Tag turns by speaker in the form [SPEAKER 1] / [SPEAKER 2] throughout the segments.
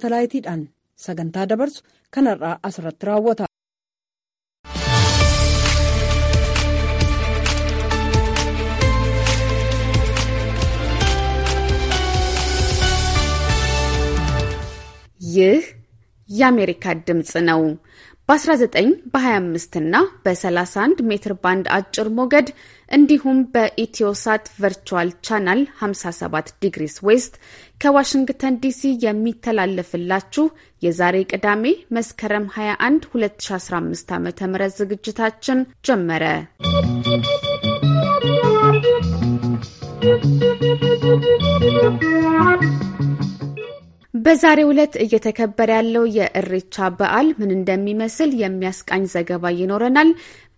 [SPEAKER 1] saatalaayitiidhaan sagantaa dabarsu kanarraa asirratti raawwata.
[SPEAKER 2] ይህ የአሜሪካ ድምፅ ነው። በ19 በ25 እና በ31 ሜትር ባንድ አጭር ሞገድ እንዲሁም በኢትዮሳት ቨርቹዋል ቻናል 57 ዲግሪስ ዌስት ከዋሽንግተን ዲሲ የሚተላለፍላችሁ የዛሬ ቅዳሜ መስከረም 21 2015 ዓ ም ዝግጅታችን ጀመረ። ¶¶ በዛሬው ዕለት እየተከበረ ያለው የእሬቻ በዓል ምን እንደሚመስል የሚያስቃኝ ዘገባ ይኖረናል።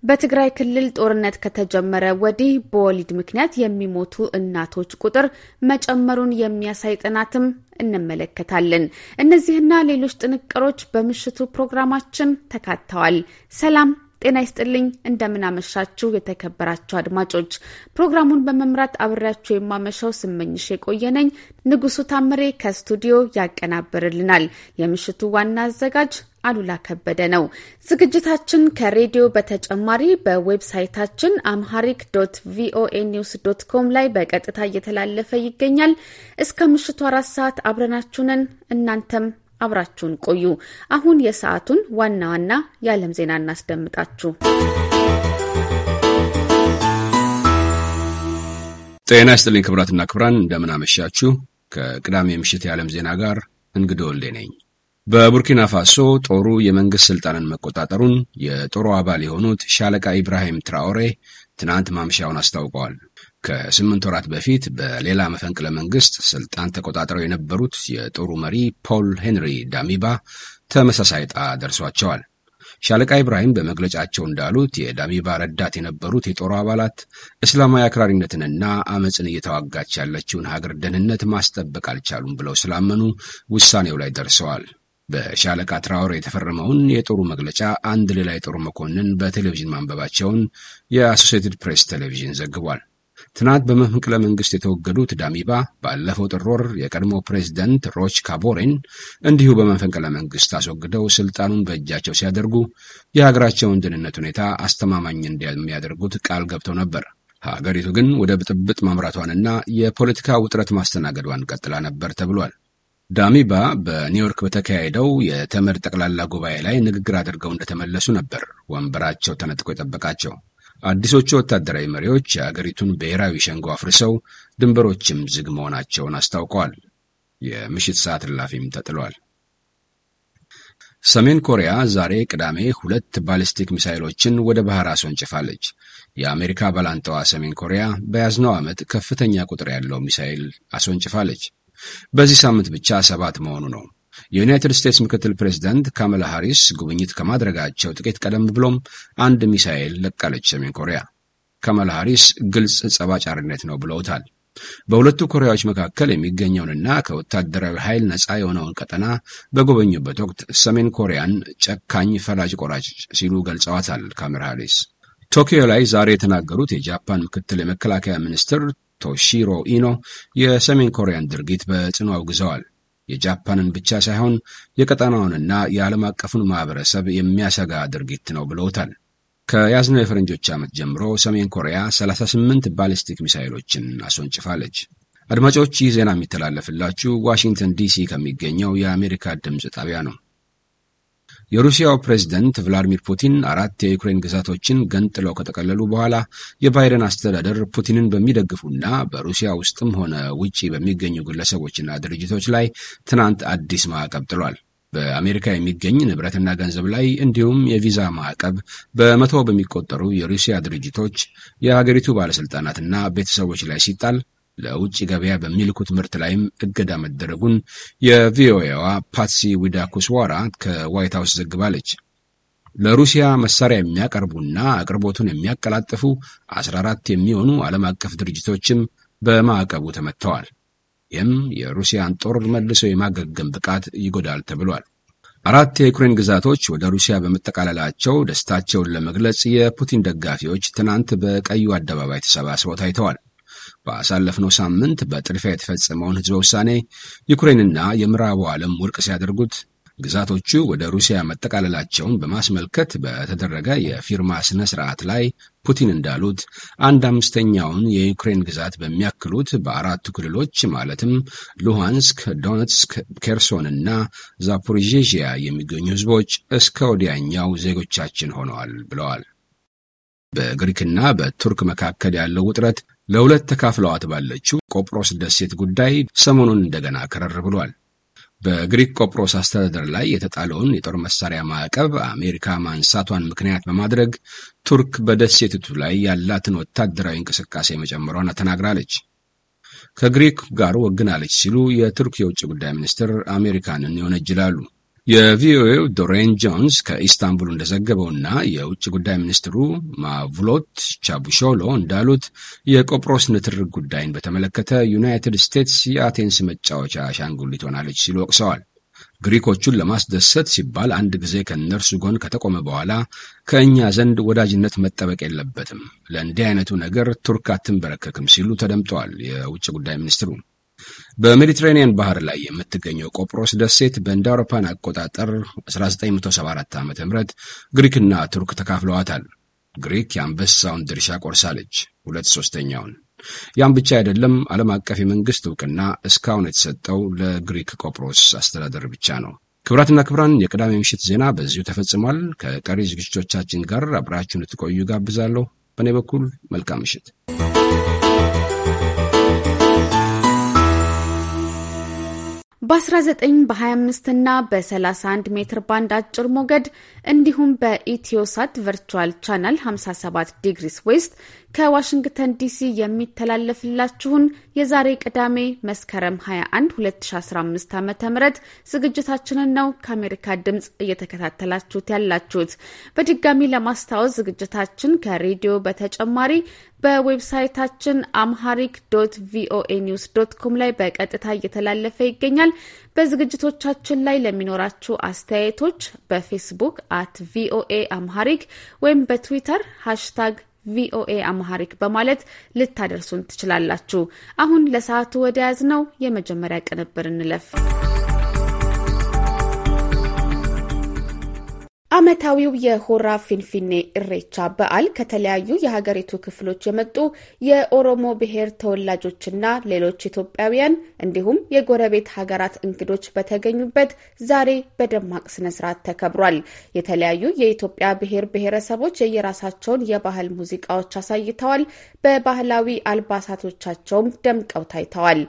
[SPEAKER 2] በትግራይ ክልል ጦርነት ከተጀመረ ወዲህ በወሊድ ምክንያት የሚሞቱ እናቶች ቁጥር መጨመሩን የሚያሳይ ጥናትም እንመለከታለን። እነዚህና ሌሎች ጥንቅሮች በምሽቱ ፕሮግራማችን ተካተዋል። ሰላም ጤና ይስጥልኝ፣ እንደምናመሻችሁ የተከበራችሁ አድማጮች። ፕሮግራሙን በመምራት አብሬያችሁ የማመሻው ስመኝሽ የቆየነኝ። ንጉሱ ታምሬ ከስቱዲዮ ያቀናብርልናል። የምሽቱ ዋና አዘጋጅ አሉላ ከበደ ነው። ዝግጅታችን ከሬዲዮ በተጨማሪ በዌብሳይታችን አምሃሪክ ዶት ቪኦኤ ኒውስ ዶት ኮም ላይ በቀጥታ እየተላለፈ ይገኛል። እስከ ምሽቱ አራት ሰዓት አብረናችሁንን እናንተም አብራችሁን ቆዩ። አሁን የሰዓቱን ዋና ዋና የዓለም ዜና እናስደምጣችሁ።
[SPEAKER 3] ጤና ይስጥልኝ ክብራትና ክብራን፣ እንደምናመሻችሁ። ከቅዳሜ ምሽት የዓለም ዜና ጋር እንግዶ ወልዴ ነኝ። በቡርኪና ፋሶ ጦሩ የመንግሥት ሥልጣንን መቆጣጠሩን የጦሩ አባል የሆኑት ሻለቃ ኢብራሂም ትራኦሬ ትናንት ማምሻውን አስታውቀዋል። ከስምንት ወራት በፊት በሌላ መፈንቅለ መንግስት ስልጣን ተቆጣጥረው የነበሩት የጦሩ መሪ ፖል ሄንሪ ዳሚባ ተመሳሳይ ዕጣ ደርሷቸዋል። ሻለቃ ኢብራሂም በመግለጫቸው እንዳሉት የዳሚባ ረዳት የነበሩት የጦሩ አባላት እስላማዊ አክራሪነትንና አመፅን እየተዋጋች ያለችውን ሀገር ደህንነት ማስጠበቅ አልቻሉም ብለው ስላመኑ ውሳኔው ላይ ደርሰዋል። በሻለቃ ትራውሬ የተፈረመውን የጦሩ መግለጫ አንድ ሌላ የጦሩ መኮንን በቴሌቪዥን ማንበባቸውን የአሶሴትድ ፕሬስ ቴሌቪዥን ዘግቧል። ትናንት በመፈንቅለ መንግስት የተወገዱት ዳሚባ ባለፈው ጥር ወር የቀድሞ ፕሬዚደንት ሮች ካቦሬን እንዲሁ በመፈንቅለ መንግስት አስወግደው ስልጣኑን በእጃቸው ሲያደርጉ የሀገራቸውን ደህንነት ሁኔታ አስተማማኝ እንደሚያደርጉት ቃል ገብተው ነበር። ሀገሪቱ ግን ወደ ብጥብጥ ማምራቷንና የፖለቲካ ውጥረት ማስተናገዷን ቀጥላ ነበር ተብሏል። ዳሚባ በኒውዮርክ በተካሄደው የተመድ ጠቅላላ ጉባኤ ላይ ንግግር አድርገው እንደተመለሱ ነበር ወንበራቸው ተነጥቆ የጠበቃቸው። አዲሶቹ ወታደራዊ መሪዎች የአገሪቱን ብሔራዊ ሸንጎ አፍርሰው ድንበሮችም ዝግ መሆናቸውን አስታውቀዋል። የምሽት ሰዓት እላፊም ተጥሏል። ሰሜን ኮሪያ ዛሬ ቅዳሜ ሁለት ባሊስቲክ ሚሳይሎችን ወደ ባህር አስወንጭፋለች። የአሜሪካ ባላንጣዋ ሰሜን ኮሪያ በያዝነው ዓመት ከፍተኛ ቁጥር ያለው ሚሳይል አስወንጭፋለች። በዚህ ሳምንት ብቻ ሰባት መሆኑ ነው። የዩናይትድ ስቴትስ ምክትል ፕሬዚዳንት ካመላ ሃሪስ ጉብኝት ከማድረጋቸው ጥቂት ቀደም ብሎም አንድ ሚሳኤል ለቃለች ሰሜን ኮሪያ። ካመላ ሃሪስ ግልጽ ጸብ ነው ብለውታል። በሁለቱ ኮሪያዎች መካከል የሚገኘውንና ከወታደራዊ ኃይል ነፃ የሆነውን ቀጠና በጎበኙበት ወቅት ሰሜን ኮሪያን ጨካኝ፣ ፈላጭ ቆራጭ ሲሉ ገልጸዋታል ካሜራ ሃሪስ። ቶኪዮ ላይ ዛሬ የተናገሩት የጃፓን ምክትል የመከላከያ ሚኒስትር ቶሺሮ ኢኖ የሰሜን ኮሪያን ድርጊት በጽኑ አውግዘዋል። የጃፓንን ብቻ ሳይሆን የቀጠናውንና የዓለም አቀፉን ማኅበረሰብ የሚያሰጋ ድርጊት ነው ብለውታል። ከያዝነው የፈረንጆች ዓመት ጀምሮ ሰሜን ኮሪያ 38 ባሊስቲክ ሚሳይሎችን አስወንጭፋለች። አድማጮች ይህ ዜና የሚተላለፍላችሁ ዋሽንግተን ዲሲ ከሚገኘው የአሜሪካ ድምፅ ጣቢያ ነው። የሩሲያው ፕሬዝደንት ቭላዲሚር ፑቲን አራት የዩክሬን ግዛቶችን ገንጥለው ከጠቀለሉ በኋላ የባይደን አስተዳደር ፑቲንን በሚደግፉና በሩሲያ ውስጥም ሆነ ውጪ በሚገኙ ግለሰቦችና ድርጅቶች ላይ ትናንት አዲስ ማዕቀብ ጥሏል። በአሜሪካ የሚገኝ ንብረትና ገንዘብ ላይ እንዲሁም የቪዛ ማዕቀብ በመቶ በሚቆጠሩ የሩሲያ ድርጅቶች፣ የሀገሪቱ ባለሥልጣናትና ቤተሰቦች ላይ ሲጣል ለውጭ ገበያ በሚልኩት ምርት ላይም እገዳ መደረጉን የቪኦኤዋ ፓትሲ ዊዳኩስዋራ ከዋይት ሀውስ ዘግባለች። ለሩሲያ መሳሪያ የሚያቀርቡና አቅርቦቱን የሚያቀላጥፉ 14 የሚሆኑ ዓለም አቀፍ ድርጅቶችም በማዕቀቡ ተመትተዋል። ይህም የሩሲያን ጦር መልሶ የማገገም ብቃት ይጎዳል ተብሏል። አራት የዩክሬን ግዛቶች ወደ ሩሲያ በመጠቃለላቸው ደስታቸውን ለመግለጽ የፑቲን ደጋፊዎች ትናንት በቀዩ አደባባይ ተሰባስበው ታይተዋል። በሳለፍነው ሳምንት በጥድፊያ የተፈጸመውን ህዝበ ውሳኔ ዩክሬንና የምዕራቡ ዓለም ውድቅ ሲያደርጉት ግዛቶቹ ወደ ሩሲያ መጠቃለላቸውን በማስመልከት በተደረገ የፊርማ ስነ ስርዓት ላይ ፑቲን እንዳሉት አንድ አምስተኛውን የዩክሬን ግዛት በሚያክሉት በአራቱ ክልሎች ማለትም ሉሃንስክ፣ ዶነትስክ፣ ኬርሶን እና ዛፖሪዥያ የሚገኙ ህዝቦች እስከ ወዲያኛው ዜጎቻችን ሆነዋል ብለዋል። በግሪክና በቱርክ መካከል ያለው ውጥረት ለሁለት ተካፍለዋት ባለችው ቆጵሮስ ደሴት ጉዳይ ሰሞኑን እንደገና ከረር ብሏል። በግሪክ ቆጵሮስ አስተዳደር ላይ የተጣለውን የጦር መሳሪያ ማዕቀብ አሜሪካ ማንሳቷን ምክንያት በማድረግ ቱርክ በደሴቲቱ ላይ ያላትን ወታደራዊ እንቅስቃሴ መጨመሯን ተናግራለች። ከግሪክ ጋር ወግናለች ሲሉ የቱርክ የውጭ ጉዳይ ሚኒስትር አሜሪካንን ይወነጅላሉ። የቪኦኤው ዶሬን ጆንስ ከኢስታንቡል እንደዘገበውና የውጭ ጉዳይ ሚኒስትሩ ማቭሎት ቻቡሾሎ እንዳሉት የቆጵሮስ ንትርክ ጉዳይን በተመለከተ ዩናይትድ ስቴትስ የአቴንስ መጫወቻ አሻንጉሊት ሆናለች ሲሉ ወቅሰዋል። ግሪኮቹን ለማስደሰት ሲባል አንድ ጊዜ ከእነርሱ ጎን ከተቆመ በኋላ ከእኛ ዘንድ ወዳጅነት መጠበቅ የለበትም፣ ለእንዲህ አይነቱ ነገር ቱርክ አትንበረከክም ሲሉ ተደምጠዋል። የውጭ ጉዳይ ሚኒስትሩ በሜዲትሬኒየን ባህር ላይ የምትገኘው ቆጵሮስ ደሴት በእንደ አውሮፓን አቆጣጠር 1974 ዓ ም ግሪክና ቱርክ ተካፍለዋታል። ግሪክ የአንበሳውን ድርሻ ቆርሳለች፣ ሁለት ሶስተኛውን። ያም ብቻ አይደለም፣ ዓለም አቀፍ የመንግሥት እውቅና እስካሁን የተሰጠው ለግሪክ ቆጵሮስ አስተዳደር ብቻ ነው። ክብራትና ክብራን፣ የቅዳሜ ምሽት ዜና በዚሁ ተፈጽሟል። ከቀሪ ዝግጅቶቻችን ጋር አብራችሁን ልትቆዩ ጋብዛለሁ። በእኔ በኩል መልካም ምሽት።
[SPEAKER 2] በ19 በ25 እና በ31 ሜትር ባንድ አጭር ሞገድ እንዲሁም በኢትዮሳት ቨርቹዋል ቻናል 57 ዲግሪስ ዌስት ከዋሽንግተን ዲሲ የሚተላለፍላችሁን የዛሬ ቅዳሜ መስከረም 21 2015 ዓ ም ዝግጅታችንን ነው ከአሜሪካ ድምፅ እየተከታተላችሁት ያላችሁት። በድጋሚ ለማስታወስ ዝግጅታችን ከሬዲዮ በተጨማሪ በዌብሳይታችን አምሃሪክ ዶት ቪኦኤ ኒውስ ዶት ኮም ላይ በቀጥታ እየተላለፈ ይገኛል። በዝግጅቶቻችን ላይ ለሚኖራችሁ አስተያየቶች በፌስቡክ አት ቪኦኤ አምሃሪክ ወይም በትዊተር ሃሽታግ ቪኦኤ አማሐሪክ በማለት ልታደርሱን ትችላላችሁ። አሁን ለሰዓቱ ወደ ያዝ ነው የመጀመሪያ ቅንብር እንለፍ። ዓመታዊው የሆራ ፊንፊኔ እሬቻ በዓል ከተለያዩ የሀገሪቱ ክፍሎች የመጡ የኦሮሞ ብሔር ተወላጆችና ሌሎች ኢትዮጵያውያን እንዲሁም የጎረቤት ሀገራት እንግዶች በተገኙበት ዛሬ በደማቅ ስነስርዓት ተከብሯል። የተለያዩ የኢትዮጵያ ብሔር ብሔረሰቦች የየራሳቸውን የባህል ሙዚቃዎች አሳይተዋል። በባህላዊ አልባሳቶቻቸውም ደምቀው ታይተዋል።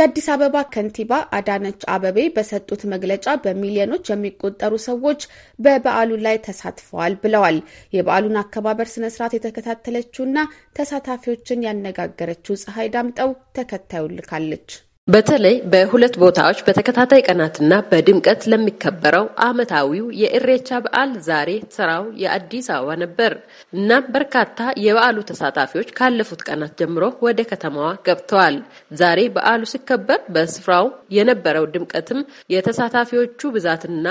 [SPEAKER 2] የአዲስ አበባ ከንቲባ አዳነች አበቤ በሰጡት መግለጫ በሚሊዮኖች የሚቆጠሩ ሰዎች በበዓሉ ላይ ተሳትፈዋል ብለዋል። የበዓሉን አከባበር ስነ ስርዓት የተከታተለችውና ተሳታፊዎችን ያነጋገረችው ፀሐይ ዳምጠው ተከታዩን ልካለች።
[SPEAKER 1] በተለይ በሁለት ቦታዎች በተከታታይ ቀናትና በድምቀት ለሚከበረው ዓመታዊው የኢሬቻ በዓል ዛሬ ስራው የአዲስ አበባ ነበር። እናም በርካታ የበዓሉ ተሳታፊዎች ካለፉት ቀናት ጀምሮ ወደ ከተማዋ ገብተዋል። ዛሬ በዓሉ ሲከበር በስፍራው የነበረው ድምቀትም የተሳታፊዎቹ ብዛትና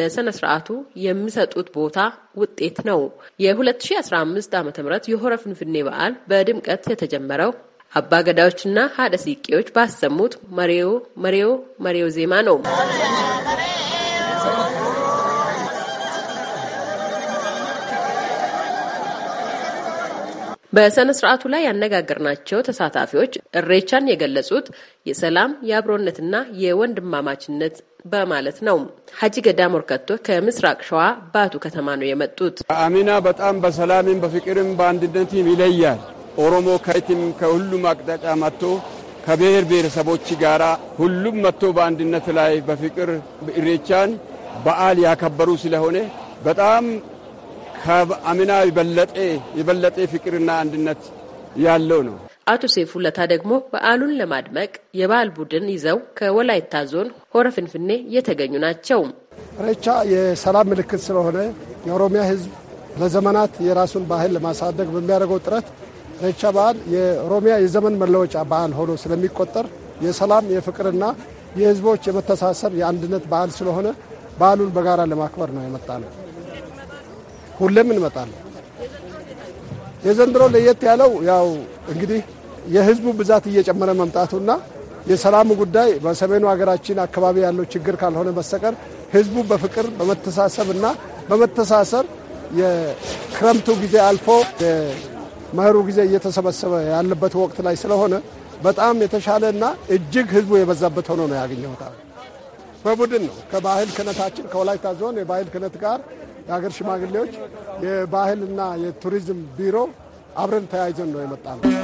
[SPEAKER 1] ለስነ ስርዓቱ የሚሰጡት ቦታ ውጤት ነው። የ2015 ዓ ም የሆረ ፍንፍኔ በዓል በድምቀት የተጀመረው አባገዳዎችና ሀደ ሲቄዎች ባሰሙት መሬው መሬው መሬው ዜማ ነው። በሰነ ስርዓቱ ላይ ያነጋገርናቸው ተሳታፊዎች እሬቻን የገለጹት የሰላም የአብሮነትና የወንድማማችነት በማለት ነው። ሀጂ ገዳ ሞርከቶ ከምስራቅ ሸዋ ባቱ ከተማ ነው የመጡት።
[SPEAKER 4] አሚና በጣም በሰላምም በፍቅርም በአንድነትም ይለያል። ኦሮሞ ከየትም ከሁሉም አቅጣጫ መጥቶ ከብሔር ብሔረሰቦች ጋር ሁሉም መጥቶ በአንድነት ላይ በፍቅር ኢሬቻን በዓል ያከበሩ ስለሆነ በጣም ከአምና የበለጠ ፍቅርና አንድነት ያለው ነው።
[SPEAKER 1] አቶ ሴፉ ለታ ደግሞ በዓሉን ለማድመቅ የባህል ቡድን ይዘው ከወላይታ ዞን ሆረ ፍንፍኔ የተገኙ ናቸው።
[SPEAKER 5] ሬቻ የሰላም ምልክት ስለሆነ የኦሮሚያ ሕዝብ ለዘመናት የራሱን ባህል ለማሳደግ በሚያደርገው ጥረት ኢሬቻ በዓል የኦሮሚያ የዘመን መለወጫ በዓል ሆኖ ስለሚቆጠር የሰላም የፍቅርና የህዝቦች የመተሳሰብ የአንድነት በዓል ስለሆነ በዓሉን በጋራ ለማክበር ነው የመጣ ነው። ሁሌም እንመጣለን። የዘንድሮ ለየት ያለው ያው እንግዲህ የህዝቡ ብዛት እየጨመረ መምጣቱና የሰላም ጉዳይ በሰሜኑ ሀገራችን አካባቢ ያለው ችግር ካልሆነ በስተቀር ህዝቡ በፍቅር በመተሳሰብና በመተሳሰር የክረምቱ ጊዜ አልፎ መኸሩ ጊዜ እየተሰበሰበ ያለበት ወቅት ላይ ስለሆነ በጣም የተሻለና እጅግ ህዝቡ የበዛበት ሆኖ ነው ያገኘሁት። በቡድን ነው ከባህል ክነታችን ከወላይታ ዞን የባህል ክነት ጋር የሀገር ሽማግሌዎች፣ የባህልና የቱሪዝም ቢሮ አብረን ተያይዘን ነው የመጣ ነው።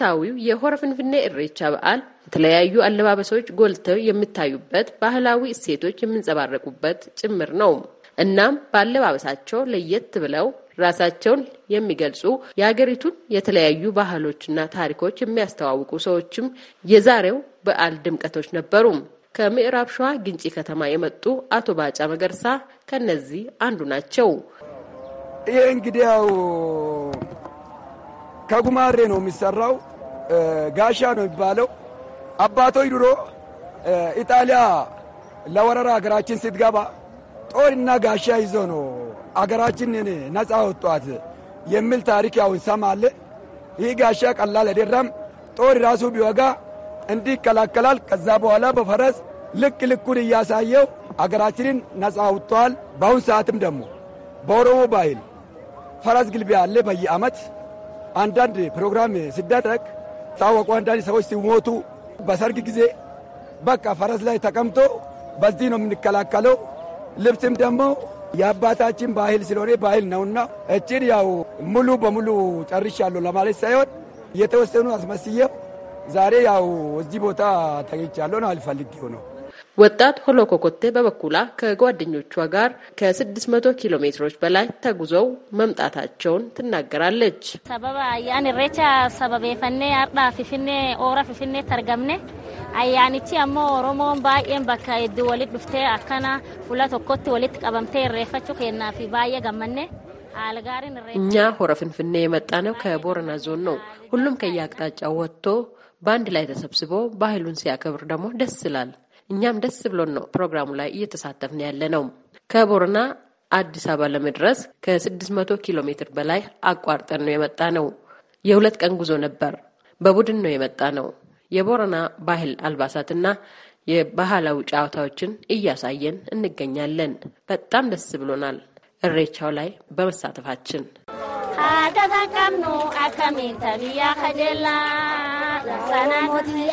[SPEAKER 1] ዓመታዊው የሆረ ፍንፍኔ እሬቻ በዓል የተለያዩ አለባበሶች ጎልተው የሚታዩበት፣ ባህላዊ እሴቶች የሚንጸባረቁበት ጭምር ነው። እናም በአለባበሳቸው ለየት ብለው ራሳቸውን የሚገልጹ የሀገሪቱን የተለያዩ ባህሎችና ታሪኮች የሚያስተዋውቁ ሰዎችም የዛሬው በዓል ድምቀቶች ነበሩ። ከምዕራብ ሸዋ ግንጪ ከተማ የመጡ አቶ ባጫ መገርሳ ከነዚህ
[SPEAKER 4] አንዱ ናቸው። ይሄ እንግዲህ ያው ከጉማሬ ነው የሚሰራው። ጋሻ ነው የሚባለው። አባቶች ድሮ ኢጣሊያ ለወረራ ሀገራችን ስትገባ ጦርና ጋሻ ይዞ ነው አገራችንን ነፃ ወጧት የሚል ታሪክ ያው እንሰማለን። ይህ ጋሻ ቀላል አይደለም። ጦር ራሱ ቢወጋ እንዲህ ይከላከላል። ከዛ በኋላ በፈረስ ልክ ልኩን እያሳየው አገራችንን ነፃ አውጥተዋል። በአሁን ሰዓትም ደግሞ በኦሮሞ ባህል ፈረስ ግልቢያ አለ። በየአመት አንዳንድ ፕሮግራም ሲደረግ ታወቁ። አንዳንድ ሰዎች ሲሞቱ በሰርግ ጊዜ በቃ ፈረስ ላይ ተቀምጦ በዚህ ነው የምንከላከለው። ልብስም ደግሞ የአባታችን ባህል ስለሆነ ባህል ነውና እችን ያው ሙሉ በሙሉ ጨርሻለሁ ለማለት ሳይሆን የተወሰኑ አስመስየው ዛሬ ያው እዚህ ቦታ ተገኝቻለሁ ነው
[SPEAKER 1] አልፈልግ ነው ወጣት ሆሎ ኮኮቴ በበኩላ ከጓደኞቿ ጋር ከ600 ኪሎ ሜትሮች በላይ ተጉዘው መምጣታቸውን ትናገራለች።
[SPEAKER 6] ሰበባ አያን ሬቻ አርዳ ኦራ ተርገምኔ አያኒቺ አሞ ኦሮሞን ባየን በካ ድ ወሊት ዱፍቴ አካና ቀበምቴ ሬፈቹ ባየ ገመኔ እኛ
[SPEAKER 1] ሆረ ፍንፍኔ የመጣ ነው ከቦረና ዞን ነው። ሁሉም ከየአቅጣጫው ወጥቶ በአንድ ላይ ተሰብስቦ ባህሉን ሲያከብር ደግሞ ደስ ይላል። እኛም ደስ ብሎን ነው ፕሮግራሙ ላይ እየተሳተፍን ያለ ነው። ከቦረና አዲስ አበባ ለመድረስ ከ600 ኪሎ ሜትር በላይ አቋርጠን ነው የመጣ ነው። የሁለት ቀን ጉዞ ነበር። በቡድን ነው የመጣ ነው። የቦረና ባህል አልባሳትና የባህላዊ ጨዋታዎችን እያሳየን እንገኛለን። በጣም ደስ ብሎናል እሬቻው ላይ በመሳተፋችን።
[SPEAKER 6] ሀተተቀምኑ አከሜተብያ ከደላ ሰናሞትያ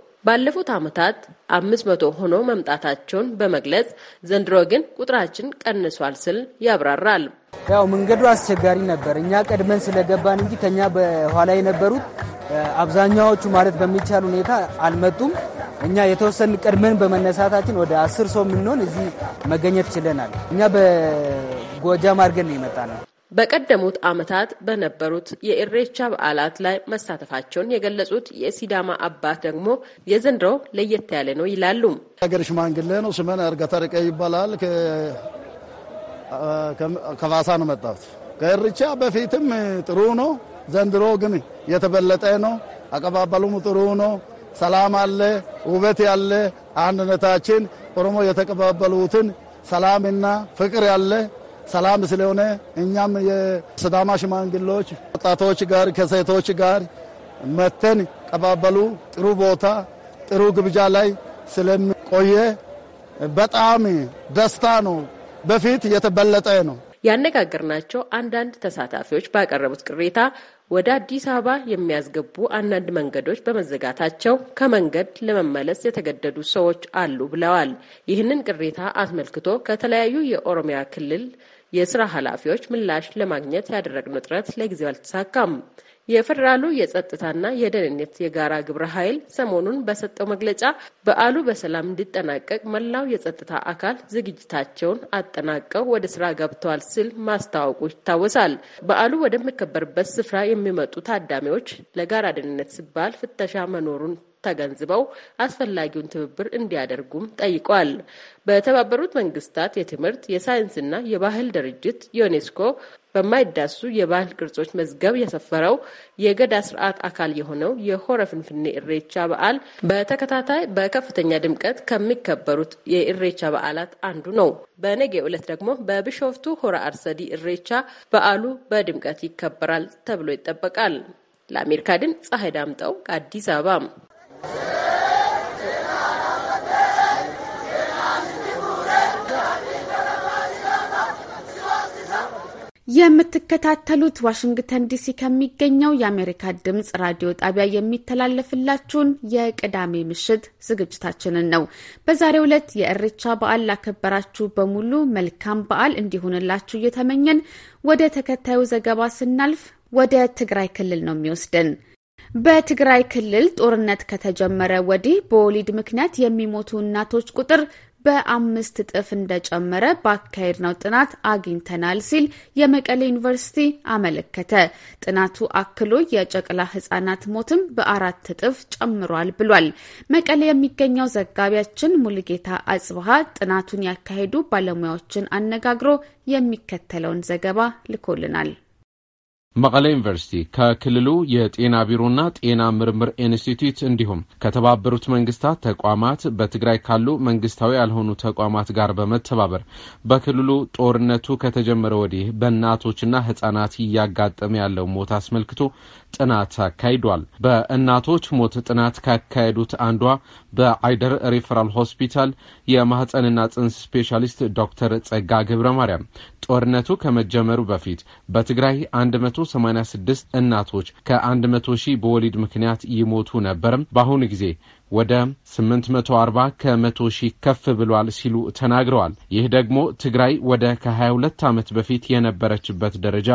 [SPEAKER 1] ባለፉት ዓመታት አምስት መቶ ሆኖ መምጣታቸውን በመግለጽ ዘንድሮ ግን ቁጥራችን ቀንሷል ስል ያብራራል።
[SPEAKER 7] ያው መንገዱ አስቸጋሪ ነበር። እኛ ቀድመን ስለገባን እንጂ ከኛ በኋላ የነበሩት አብዛኛዎቹ ማለት በሚቻል ሁኔታ አልመጡም። እኛ የተወሰን ቀድመን በመነሳታችን ወደ አስር ሰው የምንሆን እዚህ መገኘት ችለናል። እኛ በጎጃም አድርገን ነው የመጣ ነው።
[SPEAKER 1] በቀደሙት ዓመታት በነበሩት የኢሬቻ በዓላት ላይ መሳተፋቸውን የገለጹት የሲዳማ አባት ደግሞ የዘንድሮው ለየት ያለ ነው ይላሉ።
[SPEAKER 5] ሀገር ሽማግሌ ነው። ስመን እርገተ ይባላል። ከባሳ ነው መጣሁት። ከኢሬቻ በፊትም ጥሩ ነው። ዘንድሮ ግን የተበለጠ ነው። አቀባበሉም ጥሩ ነው። ሰላም አለ፣ ውበት ያለ አንድነታችን ኦሮሞ የተቀባበሉትን ሰላምና ፍቅር ያለ ሰላም ስለሆነ እኛም የስዳማ ሽማግሌዎች ወጣቶች ጋር ከሴቶች ጋር መተን ቀባበሉ ጥሩ ቦታ ጥሩ ግብዣ ላይ ስለሚቆየ በጣም ደስታ ነው። በፊት የተበለጠ ነው።
[SPEAKER 1] ያነጋገርናቸው አንዳንድ ተሳታፊዎች ባቀረቡት ቅሬታ ወደ አዲስ አበባ የሚያስገቡ አንዳንድ መንገዶች በመዘጋታቸው ከመንገድ ለመመለስ የተገደዱ ሰዎች አሉ ብለዋል። ይህንን ቅሬታ አስመልክቶ ከተለያዩ የኦሮሚያ ክልል የስራ ኃላፊዎች ምላሽ ለማግኘት ያደረግነው ጥረት ለጊዜው አልተሳካም። የፌዴራሉ የጸጥታና የደህንነት የጋራ ግብረ ኃይል ሰሞኑን በሰጠው መግለጫ በዓሉ በሰላም እንዲጠናቀቅ መላው የጸጥታ አካል ዝግጅታቸውን አጠናቀው ወደ ስራ ገብተዋል ሲል ማስታወቁ ይታወሳል። በዓሉ ወደሚከበርበት ስፍራ የሚመጡ ታዳሚዎች ለጋራ ደህንነት ሲባል ፍተሻ መኖሩን ተገንዝበው አስፈላጊውን ትብብር እንዲያደርጉም ጠይቋል። በተባበሩት መንግስታት የትምህርት የሳይንስና የባህል ድርጅት ዩኔስኮ በማይዳሱ የባህል ቅርጾች መዝገብ የሰፈረው የገዳ ስርዓት አካል የሆነው የሆረ ፍንፍኔ እሬቻ በዓል በተከታታይ በከፍተኛ ድምቀት ከሚከበሩት የእሬቻ በዓላት አንዱ ነው። በነጌ ዕለት ደግሞ በቢሾፍቱ ሆረ አርሰዲ እሬቻ በዓሉ በድምቀት ይከበራል ተብሎ ይጠበቃል። ለአሜሪካ ድምፅ ፀሐይ ዳምጠው ከአዲስ አበባ
[SPEAKER 2] የምትከታተሉት ዋሽንግተን ዲሲ ከሚገኘው የአሜሪካ ድምፅ ራዲዮ ጣቢያ የሚተላለፍላችሁን የቅዳሜ ምሽት ዝግጅታችንን ነው። በዛሬው ዕለት የእሬቻ በዓል ላከበራችሁ በሙሉ መልካም በዓል እንዲሆንላችሁ እየተመኘን ወደ ተከታዩ ዘገባ ስናልፍ ወደ ትግራይ ክልል ነው የሚወስደን። በትግራይ ክልል ጦርነት ከተጀመረ ወዲህ በወሊድ ምክንያት የሚሞቱ እናቶች ቁጥር በአምስት እጥፍ እንደጨመረ ባካሄድነው ጥናት አግኝተናል ሲል የመቀሌ ዩኒቨርሲቲ አመለከተ። ጥናቱ አክሎ የጨቅላ ህጻናት ሞትም በአራት እጥፍ ጨምሯል ብሏል። መቀሌ የሚገኘው ዘጋቢያችን ሙልጌታ አጽብሃ ጥናቱን ያካሄዱ ባለሙያዎችን አነጋግሮ የሚከተለውን ዘገባ ልኮልናል።
[SPEAKER 8] መቀሌ ዩኒቨርሲቲ ከክልሉ የጤና ቢሮና ጤና ምርምር ኢንስቲትዩት እንዲሁም ከተባበሩት መንግስታት ተቋማት በትግራይ ካሉ መንግስታዊ ያልሆኑ ተቋማት ጋር በመተባበር በክልሉ ጦርነቱ ከተጀመረ ወዲህ በእናቶችና ህጻናት እያጋጠመ ያለው ሞት አስመልክቶ ጥናት አካሂዷል። በእናቶች ሞት ጥናት ካካሄዱት አንዷ በአይደር ሪፈራል ሆስፒታል የማህፀንና ጽንስ ስፔሻሊስት ዶክተር ጸጋ ገብረ ማርያም ጦርነቱ ከመጀመሩ በፊት በትግራይ አንድ መቶ 186 እናቶች ከ100 ሺህ በወሊድ ምክንያት ይሞቱ ነበርም በአሁኑ ጊዜ ወደ 840 ከ100 ሺህ ከፍ ብሏል ሲሉ ተናግረዋል። ይህ ደግሞ ትግራይ ወደ ከ22 ዓመት በፊት የነበረችበት ደረጃ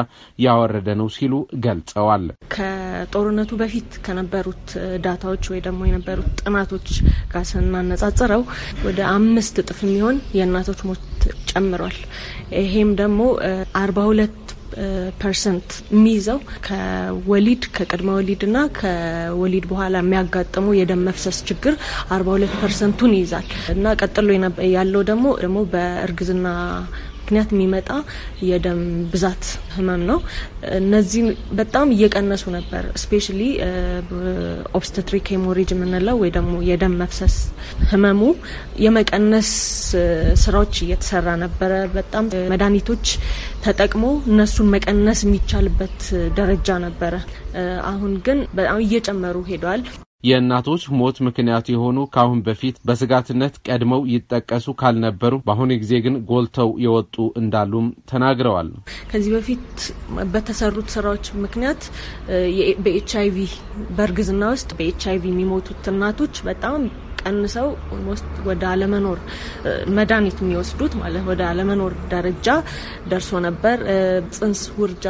[SPEAKER 8] ያወረደ ነው ሲሉ ገልጸዋል።
[SPEAKER 9] ከጦርነቱ በፊት ከነበሩት ዳታዎች ወይ ደግሞ የነበሩት ጥናቶች ጋር ስናነጻጽረው ወደ አምስት እጥፍ የሚሆን የእናቶች ሞት ጨምሯል። ይሄም ደግሞ ሁለት ፐርሰንት የሚይዘው ከወሊድ ከቅድመ ወሊድና ከወሊድ በኋላ የሚያጋጥሙ የደም መፍሰስ ችግር አርባ ሁለት ፐርሰንቱን ይይዛል እና ቀጥሎ ያለው ደግሞ ደግሞ በእርግዝና ምክንያት የሚመጣ የደም ብዛት ህመም ነው። እነዚህ በጣም እየቀነሱ ነበር። ስፔሻሊ ኦብስተትሪክ ሄሞሬጅ የምንለው ወይ ደግሞ የደም መፍሰስ ህመሙ የመቀነስ ስራዎች እየተሰራ ነበረ። በጣም መድኃኒቶች ተጠቅሞ እነሱን መቀነስ የሚቻልበት ደረጃ ነበረ። አሁን ግን በጣም እየጨመሩ ሄደዋል።
[SPEAKER 8] የእናቶች ሞት ምክንያት የሆኑ ከአሁን በፊት በስጋትነት ቀድመው ይጠቀሱ ካልነበሩ በአሁኑ ጊዜ ግን ጎልተው የወጡ እንዳሉም ተናግረዋል።
[SPEAKER 9] ከዚህ በፊት በተሰሩት ስራዎች ምክንያት በኤች ቪ በእርግዝና ውስጥ በኤች ቪ የሚሞቱት እናቶች በጣም ቀንሰው ኦልሞስት ወደ አለመኖር መድኃኒት የሚወስዱት ማለት ወደ አለመኖር ደረጃ ደርሶ ነበር። ጽንስ ውርጃ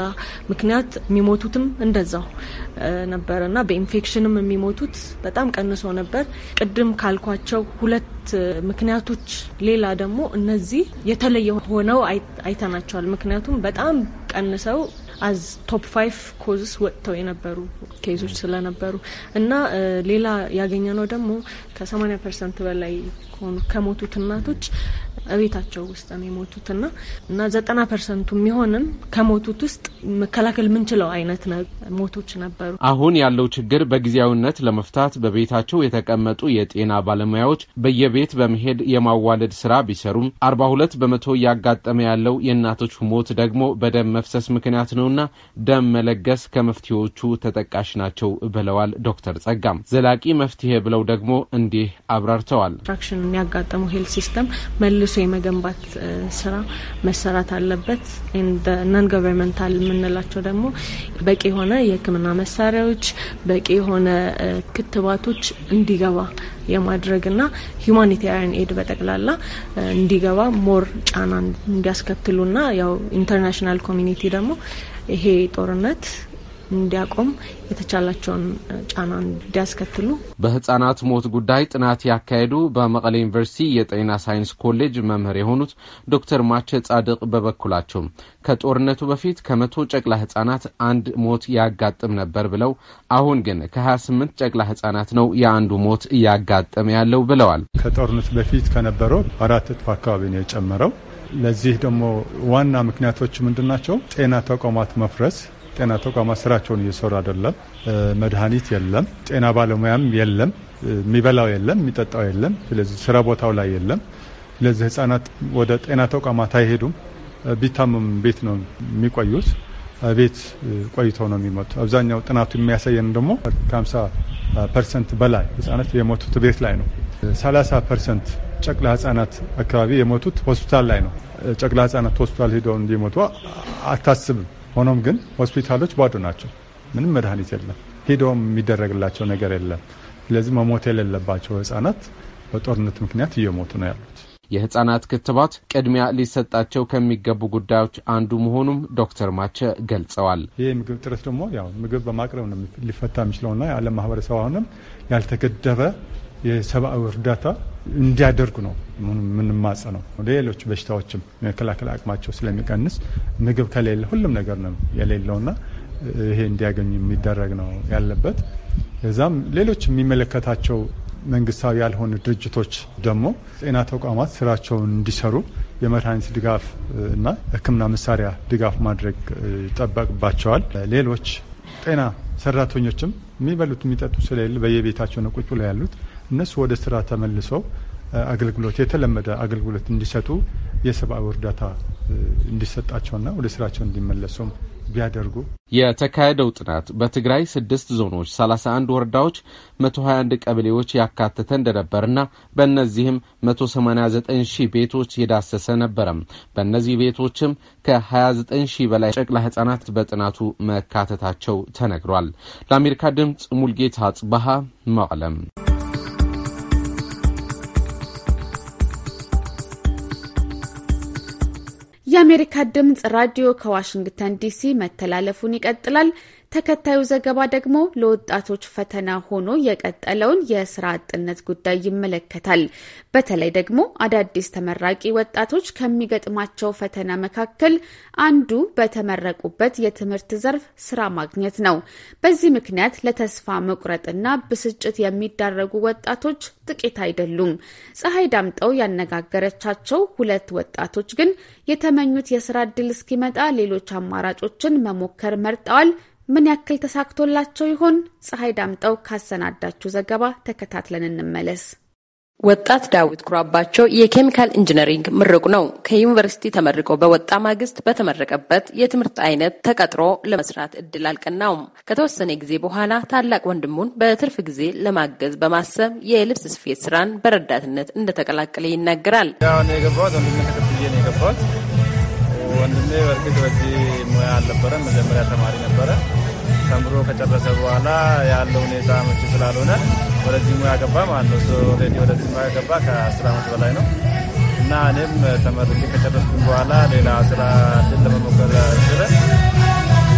[SPEAKER 9] ምክንያት የሚሞቱትም እንደዛው ነበር እና በኢንፌክሽንም የሚሞቱት በጣም ቀንሶ ነበር። ቅድም ካልኳቸው ሁለት ሁለት ምክንያቶች፣ ሌላ ደግሞ እነዚህ የተለየ ሆነው አይተናቸዋል። ምክንያቱም በጣም ቀንሰው አዝ ቶፕ ፋይቭ ኮዝስ ወጥተው የነበሩ ኬዞች ስለነበሩ እና ሌላ ያገኘ ነው ደግሞ ከ80 ፐርሰንት በላይ ከሞቱት እናቶች እቤታቸው ውስጥ ነው ና እና ዘጠና ፐርሰንቱ የሚሆንም ከሞቱት ውስጥ መከላከል ምንችለው አይነት ሞቶች ነበሩ።
[SPEAKER 8] አሁን ያለው ችግር በጊዜያዊነት ለመፍታት በቤታቸው የተቀመጡ የጤና ባለሙያዎች በየቤት በመሄድ የማዋለድ ስራ ቢሰሩም አርባ ሁለት በመቶ እያጋጠመ ያለው የእናቶች ሞት ደግሞ በደም መፍሰስ ምክንያት ነውና ደም መለገስ ከመፍትሄዎቹ ተጠቃሽ ናቸው ብለዋል ዶክተር ጸጋም ዘላቂ መፍትሄ ብለው ደግሞ እንዲህ አብራርተዋል።
[SPEAKER 9] ትራክሽን ያጋጠመው ሄልት ሲስተም መልሶ የመገንባት ስራ መሰራት አለበት። ናን ገቨርንመንታል የምንላቸው ደግሞ በቂ የሆነ የህክምና መሳሪያዎች፣ በቂ የሆነ ክትባቶች እንዲገባ የማድረግና ሂውማኒታሪያን ኤድ በጠቅላላ እንዲገባ ሞር ጫና እንዲያስከትሉና ያው ኢንተርናሽናል ኮሚኒቲ ደግሞ ይሄ ጦርነት እንዲያቆም የተቻላቸውን ጫና እንዲያስከትሉ
[SPEAKER 8] በህጻናት ሞት ጉዳይ ጥናት ያካሄዱ በመቀሌ ዩኒቨርሲቲ የጤና ሳይንስ ኮሌጅ መምህር የሆኑት ዶክተር ማቸ ጻድቅ በበኩላቸው ከጦርነቱ በፊት ከመቶ ጨቅላ ህጻናት አንድ ሞት ያጋጥም ነበር ብለው አሁን ግን ከ28 ጨቅላ ህጻናት ነው የአንዱ ሞት እያጋጠመ ያለው ብለዋል።
[SPEAKER 10] ከጦርነቱ በፊት ከነበረው አራት እጥፍ አካባቢ ነው የጨመረው። ለዚህ ደግሞ ዋና ምክንያቶች ምንድን ናቸው? ጤና ተቋማት መፍረስ ጤና ተቋማት ስራቸውን እየሰሩ አይደለም። መድኃኒት የለም፣ ጤና ባለሙያም የለም፣ የሚበላው የለም፣ የሚጠጣው የለም። ስለዚህ ስራ ቦታው ላይ የለም። ስለዚህ ህጻናት ወደ ጤና ተቋማት አይሄዱም። ቢታመም ቤት ነው የሚቆዩት። ቤት ቆይተው ነው የሚሞቱ። አብዛኛው ጥናቱ የሚያሳየን ደግሞ ከ50 ፐርሰንት በላይ ህጻናት የሞቱት ቤት ላይ ነው። 30 ፐርሰንት ጨቅላ ህጻናት አካባቢ የሞቱት ሆስፒታል ላይ ነው። ጨቅላ ህጻናት ሆስፒታል ሄደው እንዲሞቱ አታስብም። ሆኖም ግን ሆስፒታሎች ባዶ ናቸው። ምንም መድኃኒት የለም። ሄደውም የሚደረግላቸው ነገር የለም። ስለዚህ መሞት የሌለባቸው ህጻናት በጦርነት ምክንያት እየሞቱ ነው ያሉት። የህጻናት ክትባት ቅድሚያ ሊሰጣቸው ከሚገቡ
[SPEAKER 8] ጉዳዮች አንዱ መሆኑም ዶክተር ማቸ ገልጸዋል።
[SPEAKER 10] ይህ የምግብ ጥረት ደግሞ ያው ምግብ በማቅረብ ነው ሊፈታ የሚችለውና የዓለም ማህበረሰብ አሁንም ያልተገደበ የሰብአዊ እርዳታ እንዲያደርጉ ነው የምንማጸ ነው። ሌሎች በሽታዎችም የመከላከል አቅማቸው ስለሚቀንስ ምግብ ከሌለ ሁሉም ነገር ነው የሌለውና ይሄ እንዲያገኙ የሚደረግ ነው ያለበት። እዛም ሌሎች የሚመለከታቸው መንግስታዊ ያልሆኑ ድርጅቶች ደግሞ ጤና ተቋማት ስራቸውን እንዲሰሩ የመድኃኒት ድጋፍ እና ሕክምና መሳሪያ ድጋፍ ማድረግ ይጠበቅባቸዋል። ሌሎች ጤና ሰራተኞችም የሚበሉት የሚጠጡ ስለሌለ በየቤታቸው ነው ቁጭ ብለው ያሉት። እነሱ ወደ ስራ ተመልሰው አገልግሎት የተለመደ አገልግሎት እንዲሰጡ የሰብአዊ እርዳታ እንዲሰጣቸውና ወደ ስራቸው እንዲመለሱም ቢያደርጉ
[SPEAKER 8] የተካሄደው ጥናት በትግራይ ስድስት ዞኖች 31 ወረዳዎች መቶ21 ቀበሌዎች ያካተተ እንደነበርና በእነዚህም 189 ሺህ ቤቶች የዳሰሰ ነበረም። በእነዚህ ቤቶችም ከ29 ሺህ በላይ ጨቅላ ህጻናት በጥናቱ መካተታቸው ተነግሯል። ለአሜሪካ ድምፅ ሙልጌታ አጽባሀ መቀለም
[SPEAKER 2] የአሜሪካ ድምጽ ራዲዮ ከዋሽንግተን ዲሲ መተላለፉን ይቀጥላል። ተከታዩ ዘገባ ደግሞ ለወጣቶች ፈተና ሆኖ የቀጠለውን የስራ አጥነት ጉዳይ ይመለከታል። በተለይ ደግሞ አዳዲስ ተመራቂ ወጣቶች ከሚገጥማቸው ፈተና መካከል አንዱ በተመረቁበት የትምህርት ዘርፍ ስራ ማግኘት ነው። በዚህ ምክንያት ለተስፋ መቁረጥና ብስጭት የሚዳረጉ ወጣቶች ጥቂት አይደሉም። ፀሐይ ዳምጠው ያነጋገረቻቸው ሁለት ወጣቶች ግን የተመኙት የስራ እድል እስኪመጣ ሌሎች አማራጮችን መሞከር መርጠዋል። ምን ያክል ተሳክቶላቸው ይሆን? ፀሐይ ዳምጠው ካሰናዳችው ዘገባ ተከታትለን እንመለስ።
[SPEAKER 1] ወጣት ዳዊት ኩራባቸው የኬሚካል ኢንጂነሪንግ ምርቁ ነው። ከዩኒቨርሲቲ ተመርቆ በወጣ ማግስት በተመረቀበት የትምህርት አይነት ተቀጥሮ ለመስራት እድል አልቀናውም። ከተወሰነ ጊዜ በኋላ ታላቅ ወንድሙን በትርፍ ጊዜ ለማገዝ በማሰብ የልብስ ስፌት ስራን በረዳትነት እንደተቀላቀለ ይናገራል።
[SPEAKER 11] ወንድሜ በእርግጥ በዚህ ሙያ አልነበረም። መጀመሪያ ተማሪ ነበረ። ተምሮ ከጨረሰ በኋላ ያለው ሁኔታ ምቹ ስላልሆነ ወደዚህ ሙያ ገባ ማለት ነው። ኦልሬዲ ወደዚህ ሙያ ገባ ከአስር ዓመት በላይ ነው እና እኔም ተመርቄ ከጨረስኩም በኋላ ሌላ ስራ ድል ለመሞከር ስለ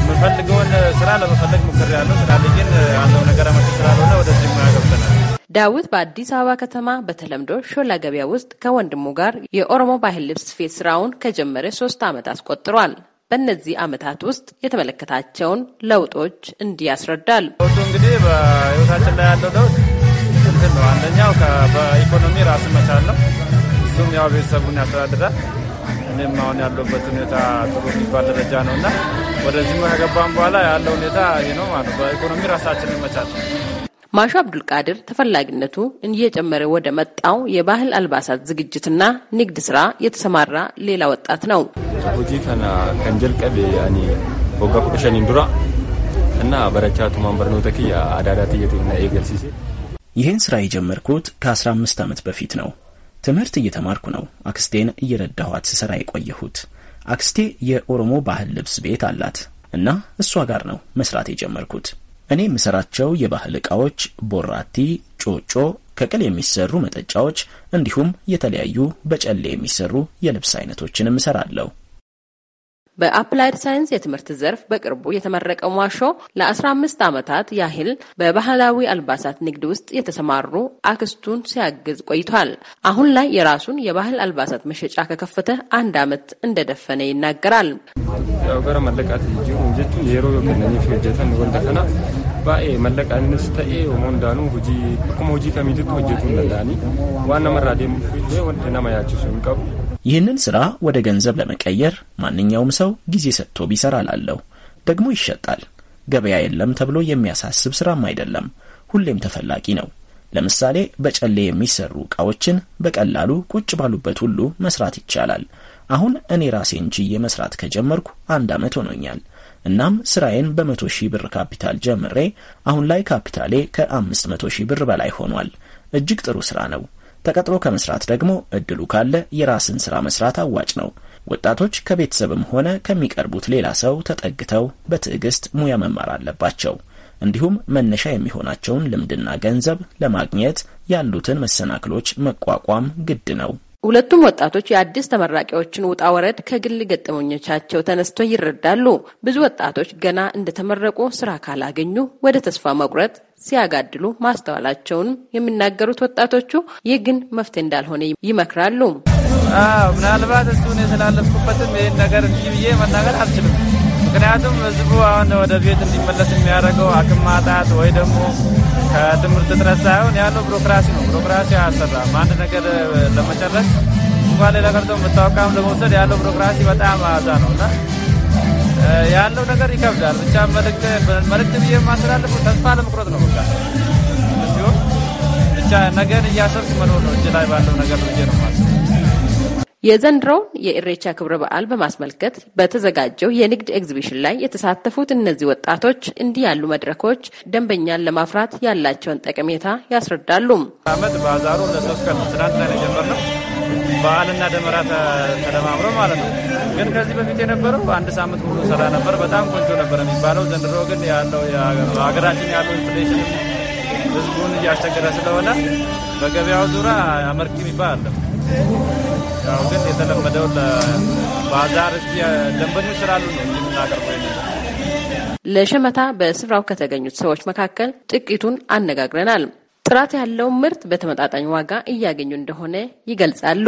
[SPEAKER 11] የምፈልገውን ስራ ለመፈለግ ሞክሬያለሁ። ስላለ ግን ያለው ነገር አመች ስላልሆነ ወደዚህ ሙያ ገብተናል።
[SPEAKER 1] ዳዊት በአዲስ አበባ ከተማ በተለምዶ ሾላ ገበያ ውስጥ ከወንድሙ ጋር የኦሮሞ ባህል ልብስ ስፌት ስራውን ከጀመረ ሶስት ዓመት አስቆጥሯል። በእነዚህ ዓመታት ውስጥ የተመለከታቸውን ለውጦች እንዲህ ያስረዳል።
[SPEAKER 11] ለውጡ እንግዲህ በህይወታችን ላይ ያለው ለውጥ እንትን ነው። አንደኛው በኢኮኖሚ ራስን መቻል ነው። እሱም ያው ቤተሰቡን ያስተዳድራል። እኔም አሁን ያለበት ሁኔታ ጥሩ የሚባል ደረጃ ነው እና ወደዚህ ከገባም በኋላ ያለው ሁኔታ ይህ ነው ማለት በኢኮኖሚ ራሳችንን መቻል
[SPEAKER 1] ማሾ አብዱልቃድር ተፈላጊነቱ እየጨመረ ወደ መጣው የባህል አልባሳት ዝግጅትና ንግድ ስራ የተሰማራ ሌላ ወጣት ነው።
[SPEAKER 11] እና በረቻ
[SPEAKER 7] አዳዳት ኤገልሲሴ ይህን ስራ የጀመርኩት ከ15 ዓመት በፊት ነው። ትምህርት እየተማርኩ ነው አክስቴን እየረዳኋት ስሰራ የቆየሁት። አክስቴ የኦሮሞ ባህል ልብስ ቤት አላት እና እሷ ጋር ነው መስራት የጀመርኩት። እኔ የምሰራቸው የባህል ዕቃዎች ቦራቲ፣ ጮጮ፣ ከቅል የሚሰሩ መጠጫዎች እንዲሁም የተለያዩ በጨሌ የሚሰሩ የልብስ አይነቶችንም እሰራለሁ።
[SPEAKER 1] በአፕላይድ ሳይንስ የትምህርት ዘርፍ በቅርቡ የተመረቀው ሟሾ ለ15 ዓመታት ያህል በባህላዊ አልባሳት ንግድ ውስጥ የተሰማሩ አክስቱን ሲያግዝ ቆይቷል። አሁን ላይ የራሱን የባህል አልባሳት መሸጫ ከከፈተ አንድ ዓመት እንደደፈነ ይናገራል።
[SPEAKER 10] ያው ገረ መለቃት ጅ ጀቹን የሮ ከነኝ ሆጀተን ወልደከና baay'ee mallaqa ta'ee uumoon daanuu hojii akkuma hojii kamiititti hojjetuu hin danda'anii waan namarraa deemuuf illee wanti nama yaachisu hin qabu.
[SPEAKER 7] ይህንን ስራ ወደ ገንዘብ ለመቀየር ማንኛውም ሰው ጊዜ ሰጥቶ ቢሰራ ላለው ደግሞ ይሸጣል። ገበያ የለም ተብሎ የሚያሳስብ ስራም አይደለም። ሁሌም ተፈላጊ ነው። ለምሳሌ በጨሌ የሚሰሩ እቃዎችን በቀላሉ ቁጭ ባሉበት ሁሉ መስራት ይቻላል። አሁን እኔ ራሴ እንጂ መስራት ከጀመርኩ አንድ ዓመት ሆኖኛል። እናም ስራዬን በመቶ ሺህ ብር ካፒታል ጀምሬ አሁን ላይ ካፒታሌ ከአምስት መቶ ሺህ ብር በላይ ሆኗል። እጅግ ጥሩ ስራ ነው። ተቀጥሮ ከመስራት ደግሞ እድሉ ካለ የራስን ስራ መስራት አዋጭ ነው። ወጣቶች ከቤተሰብም ሆነ ከሚቀርቡት ሌላ ሰው ተጠግተው በትዕግስት ሙያ መማር አለባቸው። እንዲሁም መነሻ የሚሆናቸውን ልምድና ገንዘብ ለማግኘት ያሉትን መሰናክሎች መቋቋም ግድ ነው
[SPEAKER 1] ሁለቱም ወጣቶች የአዲስ ተመራቂዎችን ውጣ ወረድ ከግል ገጠመኞቻቸው ተነስቶ ይረዳሉ። ብዙ ወጣቶች ገና እንደተመረቁ ስራ ካላገኙ ወደ ተስፋ መቁረጥ ሲያጋድሉ ማስተዋላቸውን የሚናገሩት ወጣቶቹ ይህ ግን መፍትሄ እንዳልሆነ ይመክራሉ።
[SPEAKER 11] ምናልባት እሱን ስላለፍኩበትም ይህን ነገር እንዲህ ብዬ መናገር አልችልም። ምክንያቱም ህዝቡ አሁን ወደ ቤት እንዲመለስ የሚያደርገው አቅም ማጣት ወይ ደግሞ ከትምህርት እጥረት ሳይሆን ያለው ቢሮክራሲ ነው። ቢሮክራሲ አያሰራም። አንድ ነገር ለመጨረስ እንኳን ሌላ ቀርቶ መታወቂያም ለመውሰድ ያለው ቢሮክራሲ በጣም አዛ ነው እና ያለው ነገር ይከብዳል። ብቻ መልእክት ብዬ የማስተላልፉ ተስፋ ለመቁረጥ ነው። በቃ ብቻ ነገን እያሰብኩ መኖር ነው። እጅ ላይ ባለው ነገር ብዬ ነው ማስብ
[SPEAKER 1] የዘንድሮውን የኢሬቻ ክብረ በዓል በማስመልከት በተዘጋጀው የንግድ ኤግዚቢሽን ላይ የተሳተፉት እነዚህ ወጣቶች እንዲህ ያሉ መድረኮች ደንበኛን ለማፍራት ያላቸውን ጠቀሜታ ያስረዳሉ።
[SPEAKER 11] አመት ባዛሩ ለሶስት ቀን ትናንትና ነው የጀመርነው። በዓልና ደመራ ተደማምሮ ማለት ነው። ግን ከዚህ በፊት የነበረው አንድ ሳምንት ሙሉ ሰራ ነበር። በጣም ቆንጆ ነበር የሚባለው። ዘንድሮ ግን ያለው ሀገራችን ያለው ኢንፍሌሽን ህዝቡን እያስቸገረ ስለሆነ በገበያው ዙሪያ አመርቂ የሚባል አለ። ያው ግን የተለመደው ለባዛር ደንበኞች ስላሉ ነው የምናቀርበው።
[SPEAKER 1] ለሸመታ በስፍራው ከተገኙት ሰዎች መካከል ጥቂቱን አነጋግረናል። ጥራት ያለው ምርት በተመጣጣኝ ዋጋ እያገኙ እንደሆነ ይገልጻሉ።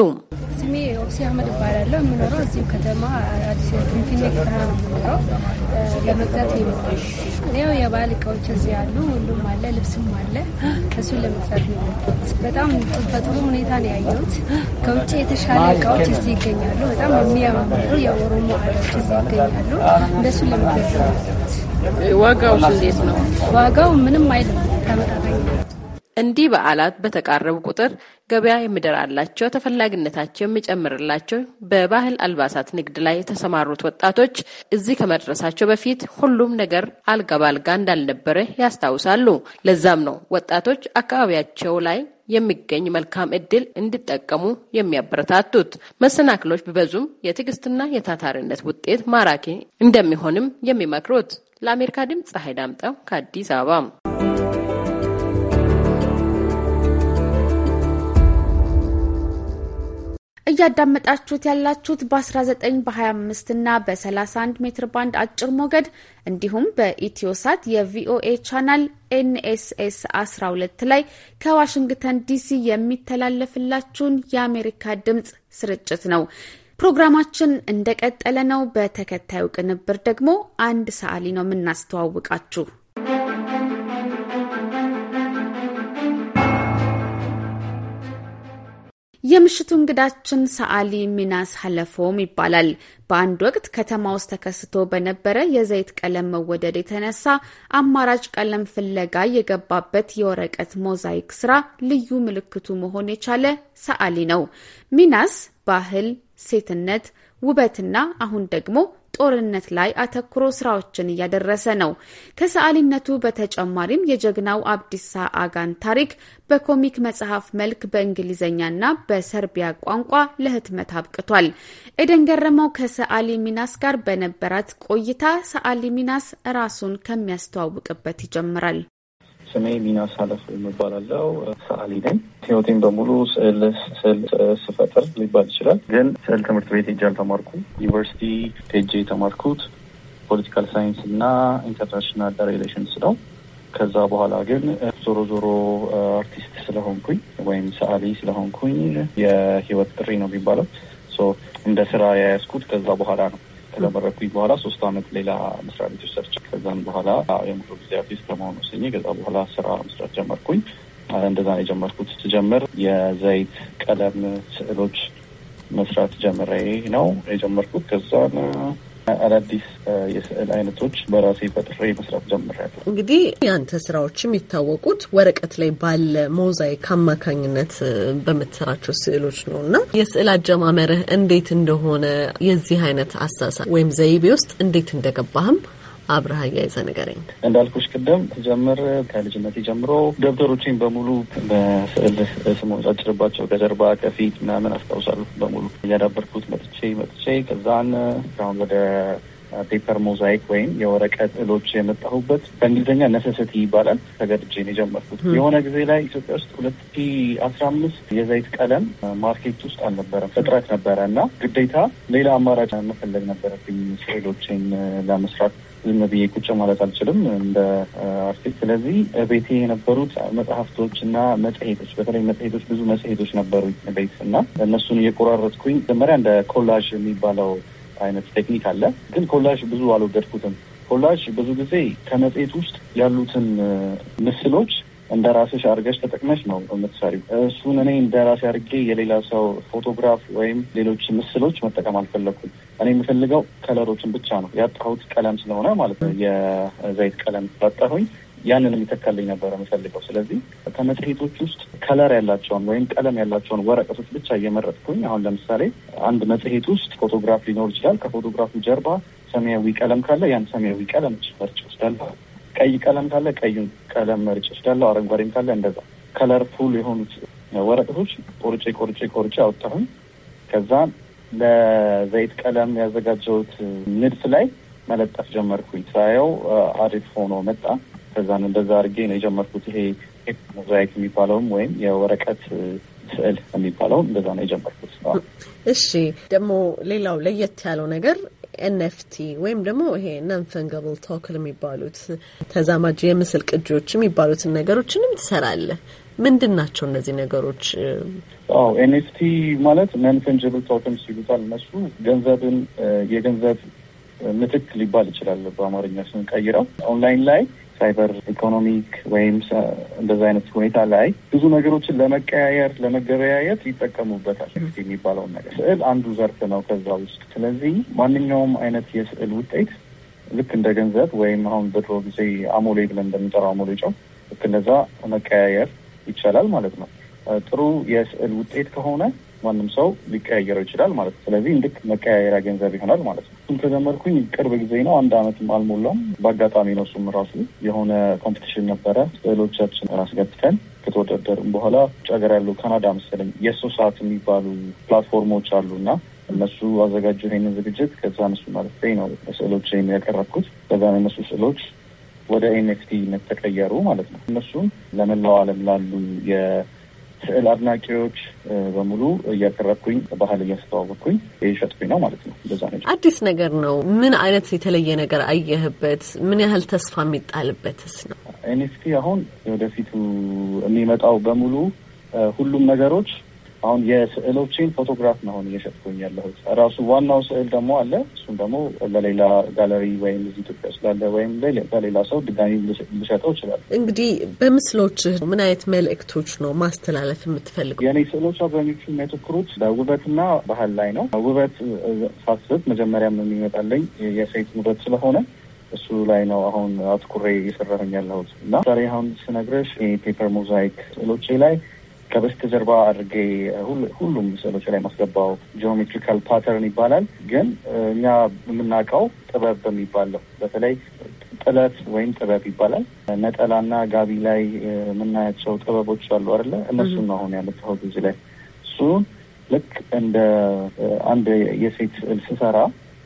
[SPEAKER 6] ስሜ ኦብሴ አህመድ እባላለሁ። የምኖረው እዚሁ ከተማ አዲስ
[SPEAKER 1] ፊንፊኔ ከተማ ነው የምኖረው። ለመግዛት የመጣሽ?
[SPEAKER 6] ያው የባህል እቃዎች እዚህ ያሉ ሁሉም አለ፣ ልብስም አለ። እሱን ለመግዛት ነው። በጣም በጥሩ ሁኔታ ነው ያየሁት። ከውጭ የተሻለ እቃዎች እዚህ ይገኛሉ። በጣም የሚያማምሩ የኦሮሞ
[SPEAKER 11] እቃዎች እዚህ ይገኛሉ። እንደሱ ለመግዛት ነው።
[SPEAKER 6] ዋጋው እንዴት ነው?
[SPEAKER 1] ዋጋው ምንም አይልም፣ ተመጣጣኝ ነው። እንዲህ በዓላት በተቃረቡ ቁጥር ገበያ የሚደራላቸው ተፈላጊነታቸው የሚጨምርላቸው በባህል አልባሳት ንግድ ላይ የተሰማሩት ወጣቶች እዚህ ከመድረሳቸው በፊት ሁሉም ነገር አልጋ ባልጋ እንዳልነበረ ያስታውሳሉ። ለዛም ነው ወጣቶች አካባቢያቸው ላይ የሚገኝ መልካም እድል እንዲጠቀሙ የሚያበረታቱት። መሰናክሎች ቢበዙም የትዕግስትና የታታሪነት ውጤት ማራኪ እንደሚሆንም የሚመክሩት። ለአሜሪካ ድምፅ ፀሐይ ዳምጠው ከአዲስ አበባ
[SPEAKER 2] እያዳመጣችሁት ያላችሁት በ19 በ25 እና በ31 ሜትር ባንድ አጭር ሞገድ እንዲሁም በኢትዮሳት የቪኦኤ ቻናል ኤንኤስኤስ 12 ላይ ከዋሽንግተን ዲሲ የሚተላለፍላችሁን የአሜሪካ ድምፅ ስርጭት ነው። ፕሮግራማችን እንደቀጠለ ነው። በተከታዩ ቅንብር ደግሞ አንድ ሰዓሊ ነው የምናስተዋውቃችሁ። የምሽቱ እንግዳችን ሰዓሊ ሚናስ ሀለፎም ይባላል። በአንድ ወቅት ከተማ ውስጥ ተከስቶ በነበረ የዘይት ቀለም መወደድ የተነሳ አማራጭ ቀለም ፍለጋ የገባበት የወረቀት ሞዛይክ ስራ ልዩ ምልክቱ መሆን የቻለ ሰዓሊ ነው። ሚናስ ባህል፣ ሴትነት፣ ውበትና አሁን ደግሞ ጦርነት ላይ አተኩሮ ስራዎችን እያደረሰ ነው። ከሰዓሊነቱ በተጨማሪም የጀግናው አብዲሳ አጋን ታሪክ በኮሚክ መጽሐፍ መልክ በእንግሊዝኛና በሰርቢያ ቋንቋ ለህትመት አብቅቷል። ኤደን ገረመው ከሰዓሊ ሚናስ ጋር በነበራት ቆይታ ሰዓሊ ሚናስ ራሱን ከሚያስተዋውቅበት ይጀምራል።
[SPEAKER 12] ስሜ ሚናስ አለፍ የምባላለው ሰአሊ ነኝ። ህይወቴን በሙሉ ስዕል ስዕል ስፈጥር ሊባል ይችላል። ግን ስዕል ትምህርት ቤት ሄጄ አልተማርኩም። ዩኒቨርሲቲ ሄጄ የተማርኩት ፖለቲካል ሳይንስ እና ኢንተርናሽናል ሪሌሽንስ ነው። ከዛ በኋላ ግን ዞሮ ዞሮ አርቲስት ስለሆንኩኝ ወይም ሰአሊ ስለሆንኩኝ የህይወት ጥሪ ነው የሚባለው እንደ ስራ የያዝኩት ከዛ በኋላ ነው። ከደመረኩኝ በኋላ ሶስት አመት ሌላ መስሪያ ቤቶች ሰርች ከዛን በኋላ የምሮ ጊዜ አርቲስት ከመሆኑ ስኝ ከዛ በኋላ ስራ መስራት ጀመርኩኝ። እንደዛ ነው የጀመርኩት። ስጀምር የዘይት ቀለም ስዕሎች መስራት ጀምሬ ነው የጀመርኩት። ከዛ አዳዲስ የስዕል አይነቶች በራሴ ፈጥሬ መስራት ጀምሬያለሁ።
[SPEAKER 13] እንግዲህ ያንተ ስራዎች የሚታወቁት ወረቀት ላይ ባለ ሞዛይክ አማካኝነት በምትሰራቸው ስዕሎች ነው እና የስዕል አጀማመርህ እንዴት እንደሆነ የዚህ አይነት አሳሳ ወይም ዘይቤ ውስጥ እንዴት እንደገባህም አብረሃ ያይዘ ነገረኝ።
[SPEAKER 12] እንዳልኩሽ ቅደም ጀምር ከልጅነቴ ጀምሮ ደብተሮችን በሙሉ በስዕል ስሙ ጫጭርባቸው ከጀርባ ከፊት ምናምን አስታውሳለሁ። በሙሉ እያዳበርኩት መጥቼ መጥቼ ከዛን ሁን ወደ ፔፐር ሞዛይክ ወይም የወረቀት እሎች የመጣሁበት በእንግሊዝኛ ነሰሰቲ ይባላል። ተገድጄን የጀመርኩት። የሆነ ጊዜ ላይ ኢትዮጵያ ውስጥ ሁለት ሺ አስራ አምስት የዘይት ቀለም ማርኬት ውስጥ አልነበረም፣ እጥረት ነበረ እና ግዴታ ሌላ አማራጭ መፈለግ ነበረብኝ ስዕሎችን ለመስራት ዝም ብዬ ቁጭ ማለት አልችልም እንደ አርቲስት። ስለዚህ ቤቴ የነበሩት መጽሐፍቶች እና መጽሄቶች፣ በተለይ መጽሄቶች ብዙ መጽሄቶች ነበሩ ቤት እና እነሱን እየቆራረጥኩኝ መጀመሪያ እንደ ኮላዥ የሚባለው አይነት ቴክኒክ አለ። ግን ኮላዥ ብዙ አልወደድኩትም። ኮላዥ ብዙ ጊዜ ከመጽሄት ውስጥ ያሉትን ምስሎች እንደ ራስሽ አድርገሽ ተጠቅመሽ ነው የምትሰሪው። እሱን እኔ እንደ ራሴ አድርጌ የሌላ ሰው ፎቶግራፍ ወይም ሌሎች ምስሎች መጠቀም አልፈለግኩም። እኔ የምፈልገው ከለሮችን ብቻ ነው ያጣሁት ቀለም ስለሆነ ማለት ነው የዘይት ቀለም ባጣሁኝ ያንን የሚተካልኝ ነበር የምፈልገው። ስለዚህ ከመጽሔቶች ውስጥ ከለር ያላቸውን ወይም ቀለም ያላቸውን ወረቀቶች ብቻ እየመረጥኩኝ አሁን ለምሳሌ አንድ መጽሔት ውስጥ ፎቶግራፍ ሊኖር ይችላል። ከፎቶግራፉ ጀርባ ሰማያዊ ቀለም ካለ ያን ሰማያዊ ቀለም ጭፈርጭ ቀይ ቀለም ካለ ቀዩን ቀለም መርጬ እችላለሁ። አረንጓዴም ካለ እንደዛ ከለርፉል የሆኑት ወረቀቶች ቆርጬ ቆርጬ ቆርጬ አወጣሁኝ። ከዛ ለዘይት ቀለም ያዘጋጀሁት ንድፍ ላይ መለጠፍ ጀመርኩኝ። ሳየው አሪፍ ሆኖ መጣ። ከዛን እንደዛ አድርጌ ነው የጀመርኩት። ይሄ ሞዛይክ የሚባለውም ወይም የወረቀት ስዕል የሚባለውም እንደዛ ነው የጀመርኩት።
[SPEAKER 13] እሺ፣ ደግሞ ሌላው ለየት ያለው ነገር ኤንኤፍቲ ወይም ደግሞ ይሄ ነንፈንገብል ቶክል የሚባሉት ተዛማጅ የምስል ቅጂዎች የሚባሉትን ነገሮችንም ትሰራለ። ምንድን ናቸው እነዚህ ነገሮች?
[SPEAKER 12] አዎ ኤንኤፍቲ ማለት ነንፈንጀብል ፈንጀብል ቶክንስ ይሉታል እነሱ። ገንዘብን የገንዘብ ምትክ ሊባል ይችላል በአማርኛ ስንቀይረው። ኦንላይን ላይ ሳይበር ኢኮኖሚክ ወይም እንደዚ አይነት ሁኔታ ላይ ብዙ ነገሮችን ለመቀያየር ለመገበያየት ይጠቀሙበታል። የሚባለውን ነገር ስዕል አንዱ ዘርፍ ነው ከዛ ውስጥ። ስለዚህ ማንኛውም አይነት የስዕል ውጤት ልክ እንደ ገንዘብ ወይም አሁን በድሮ ጊዜ አሞሌ ብለን እንደምንጠራው አሞሌ ጨው ልክ እንደዛ መቀያየር ይቻላል ማለት ነው። ጥሩ የስዕል ውጤት ከሆነ ማንም ሰው ሊቀያየረው ይችላል ማለት ነው። ስለዚህ ልክ መቀያየሪያ ገንዘብ ይሆናል ማለት ነው። እሱም ከጀመርኩኝ ቅርብ ጊዜ ነው፣ አንድ አመትም አልሞላም። በአጋጣሚ ነው እሱም ራሱ የሆነ ኮምፒቲሽን ነበረ። ስዕሎቻችን አስገብተን ከተወዳደርም በኋላ ውጭ ሀገር ያሉ ካናዳ መሰለኝ የእሱ ሰዓት የሚባሉ ፕላትፎርሞች አሉ እና እነሱ አዘጋጁ ይሄንን ዝግጅት ከዛ እነሱ ማለት ነው ስዕሎች ያቀረብኩት በዛ እነሱ ስዕሎች ወደ ኤንኤፍቲነት ተቀየሩ ማለት ነው። እነሱም ለመላው ዓለም ላሉ ስዕል አድናቂዎች በሙሉ እያቀረብኩኝ ባህል እያስተዋወቅኩኝ እየሸጥኩኝ ነው ማለት ነው። እንደዛ ነው።
[SPEAKER 13] አዲስ ነገር ነው። ምን አይነት የተለየ ነገር አየህበት? ምን ያህል ተስፋ የሚጣልበትስ ነው?
[SPEAKER 12] ኤንኤፍቲ አሁን ወደፊቱ የሚመጣው በሙሉ ሁሉም ነገሮች አሁን የስዕሎችን ፎቶግራፍ ነው አሁን እየሸጥኩኝ ያለሁት። ራሱ ዋናው ስዕል ደግሞ አለ። እሱም ደግሞ ለሌላ ጋለሪ ወይም እዚህ ኢትዮጵያ ስላለ ወይም ለሌላ ሰው ድጋሚ ልሸጠው ይችላል።
[SPEAKER 13] እንግዲህ በምስሎች ምን አይነት መልእክቶች ነው ማስተላለፍ የምትፈልገው? የእኔ ስዕሎች አብዛኞቹ
[SPEAKER 12] የሚያተኩሩት በውበትና ባህል ላይ ነው። ውበት ሳስብ መጀመሪያም የሚመጣለኝ የሴት ውበት ስለሆነ እሱ ላይ ነው አሁን አትኩሬ እየሰራሁኝ ያለሁት እና ዛሬ አሁን ስነግረሽ ፔፐር ሞዛይክ ስዕሎቼ ላይ ከበስተጀርባ አድርጌ ሁሉም ምስሎች ላይ ማስገባው ጂኦሜትሪካል ፓተርን ይባላል። ግን እኛ የምናውቀው ጥበብ በሚባለው በተለይ ጥለት ወይም ጥበብ ይባላል። ነጠላና ጋቢ ላይ የምናያቸው ጥበቦች አሉ አለ እነሱን ነው አሁን ያመጣሁት እዚህ ላይ እሱ ልክ እንደ አንድ የሴት ስሰራ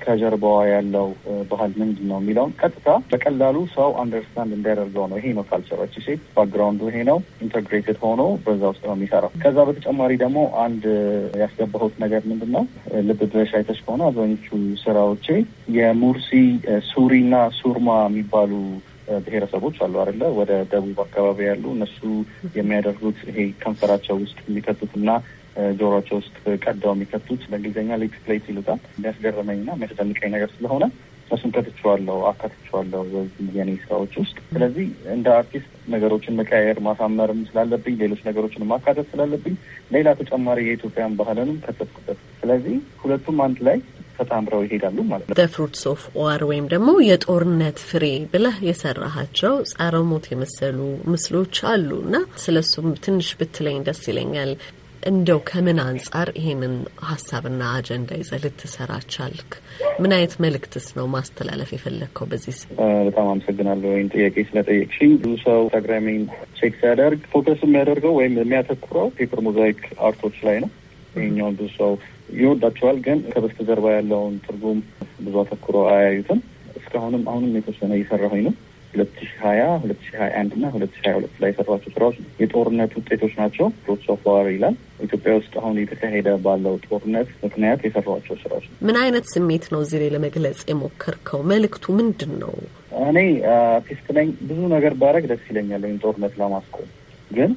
[SPEAKER 12] ከጀርባዋ ያለው ባህል ምንድን ነው የሚለውን ቀጥታ በቀላሉ ሰው አንደርስታንድ እንዲያደርገው ነው። ይሄ ነው ካልቸሮች ሴ ባክግራውንዱ ይሄ ነው። ኢንተግሬትድ ሆኖ በዛ ውስጥ ነው የሚሰራው። ከዛ በተጨማሪ ደግሞ አንድ ያስገባሁት ነገር ምንድን ነው፣ ልብ ብለሽ አይተሽ ከሆነ አብዛኞቹ ስራዎቼ የሙርሲ ሱሪና ሱርማ የሚባሉ ብሔረሰቦች አሉ አይደለ? ወደ ደቡብ አካባቢ ያሉ እነሱ የሚያደርጉት ይሄ ከንፈራቸው ውስጥ እና ጆሮቸው ውስጥ ቀደው የሚከቱት በእንግሊዝኛ ሊፕ ፕሌት ይሉታል። የሚያስገርመኝና የሚያስደንቀኝ ነገር ስለሆነ እሱን ከትቼዋለሁ፣ አካትቼዋለሁ በዚህ የኔ ስራዎች ውስጥ። ስለዚህ እንደ አርቲስት ነገሮችን መቀያየር ማሳመርም ስላለብኝ ሌሎች ነገሮችን ማካተት ስላለብኝ ሌላ ተጨማሪ የኢትዮጵያን ባህልንም ከተትኩበት። ስለዚህ ሁለቱም አንድ ላይ ተጣምረው ይሄዳሉ ማለት ነው። ፍሩትስ ኦፍ
[SPEAKER 13] ዋር ወይም ደግሞ የጦርነት ፍሬ ብለህ የሰራሃቸው ጸረ ሞት የመሰሉ ምስሎች አሉ እና ስለሱም ትንሽ ብትለኝ ደስ ይለኛል። እንደው ከምን አንጻር ይሄንን ሀሳብና አጀንዳ ይዘህ ልትሰራ ቻልክ? ምን አይነት መልእክትስ ነው ማስተላለፍ የፈለግከው በዚህ?
[SPEAKER 12] በጣም አመሰግናለሁ ወይም ጥያቄ ስለጠየቅሽኝ። ብዙ ሰው ኢንስታግራሚን ቼክ ሲያደርግ ፎከስ የሚያደርገው ወይም የሚያተኩረው ፔፐር ሞዛይክ አርቶች ላይ ነው። ይህኛውን ብዙ ሰው ይወዳቸዋል፣ ግን ከበስተጀርባ ያለውን ትርጉም ብዙ አተኩረው አያዩትም። እስካሁንም አሁንም የተወሰነ እየሰራሁኝ ነው ሁለት ሺ ሀያ ሁለት ሺ ሀያ አንድ እና ሁለት ሺ ሀያ ሁለት ላይ የሰሯቸው ስራዎች የጦርነት ውጤቶች ናቸው። ሩትስ ኦፍ ዋር ይላል። ኢትዮጵያ ውስጥ አሁን የተካሄደ ባለው ጦርነት ምክንያት የሰሯቸው ስራዎች
[SPEAKER 13] ምን አይነት ስሜት ነው እዚህ ላይ ለመግለጽ የሞከርከው? መልእክቱ ምንድን ነው?
[SPEAKER 12] እኔ አርቲስት ነኝ። ብዙ ነገር ባረግ ደስ ይለኛል ወይም ጦርነት ለማስቆም ግን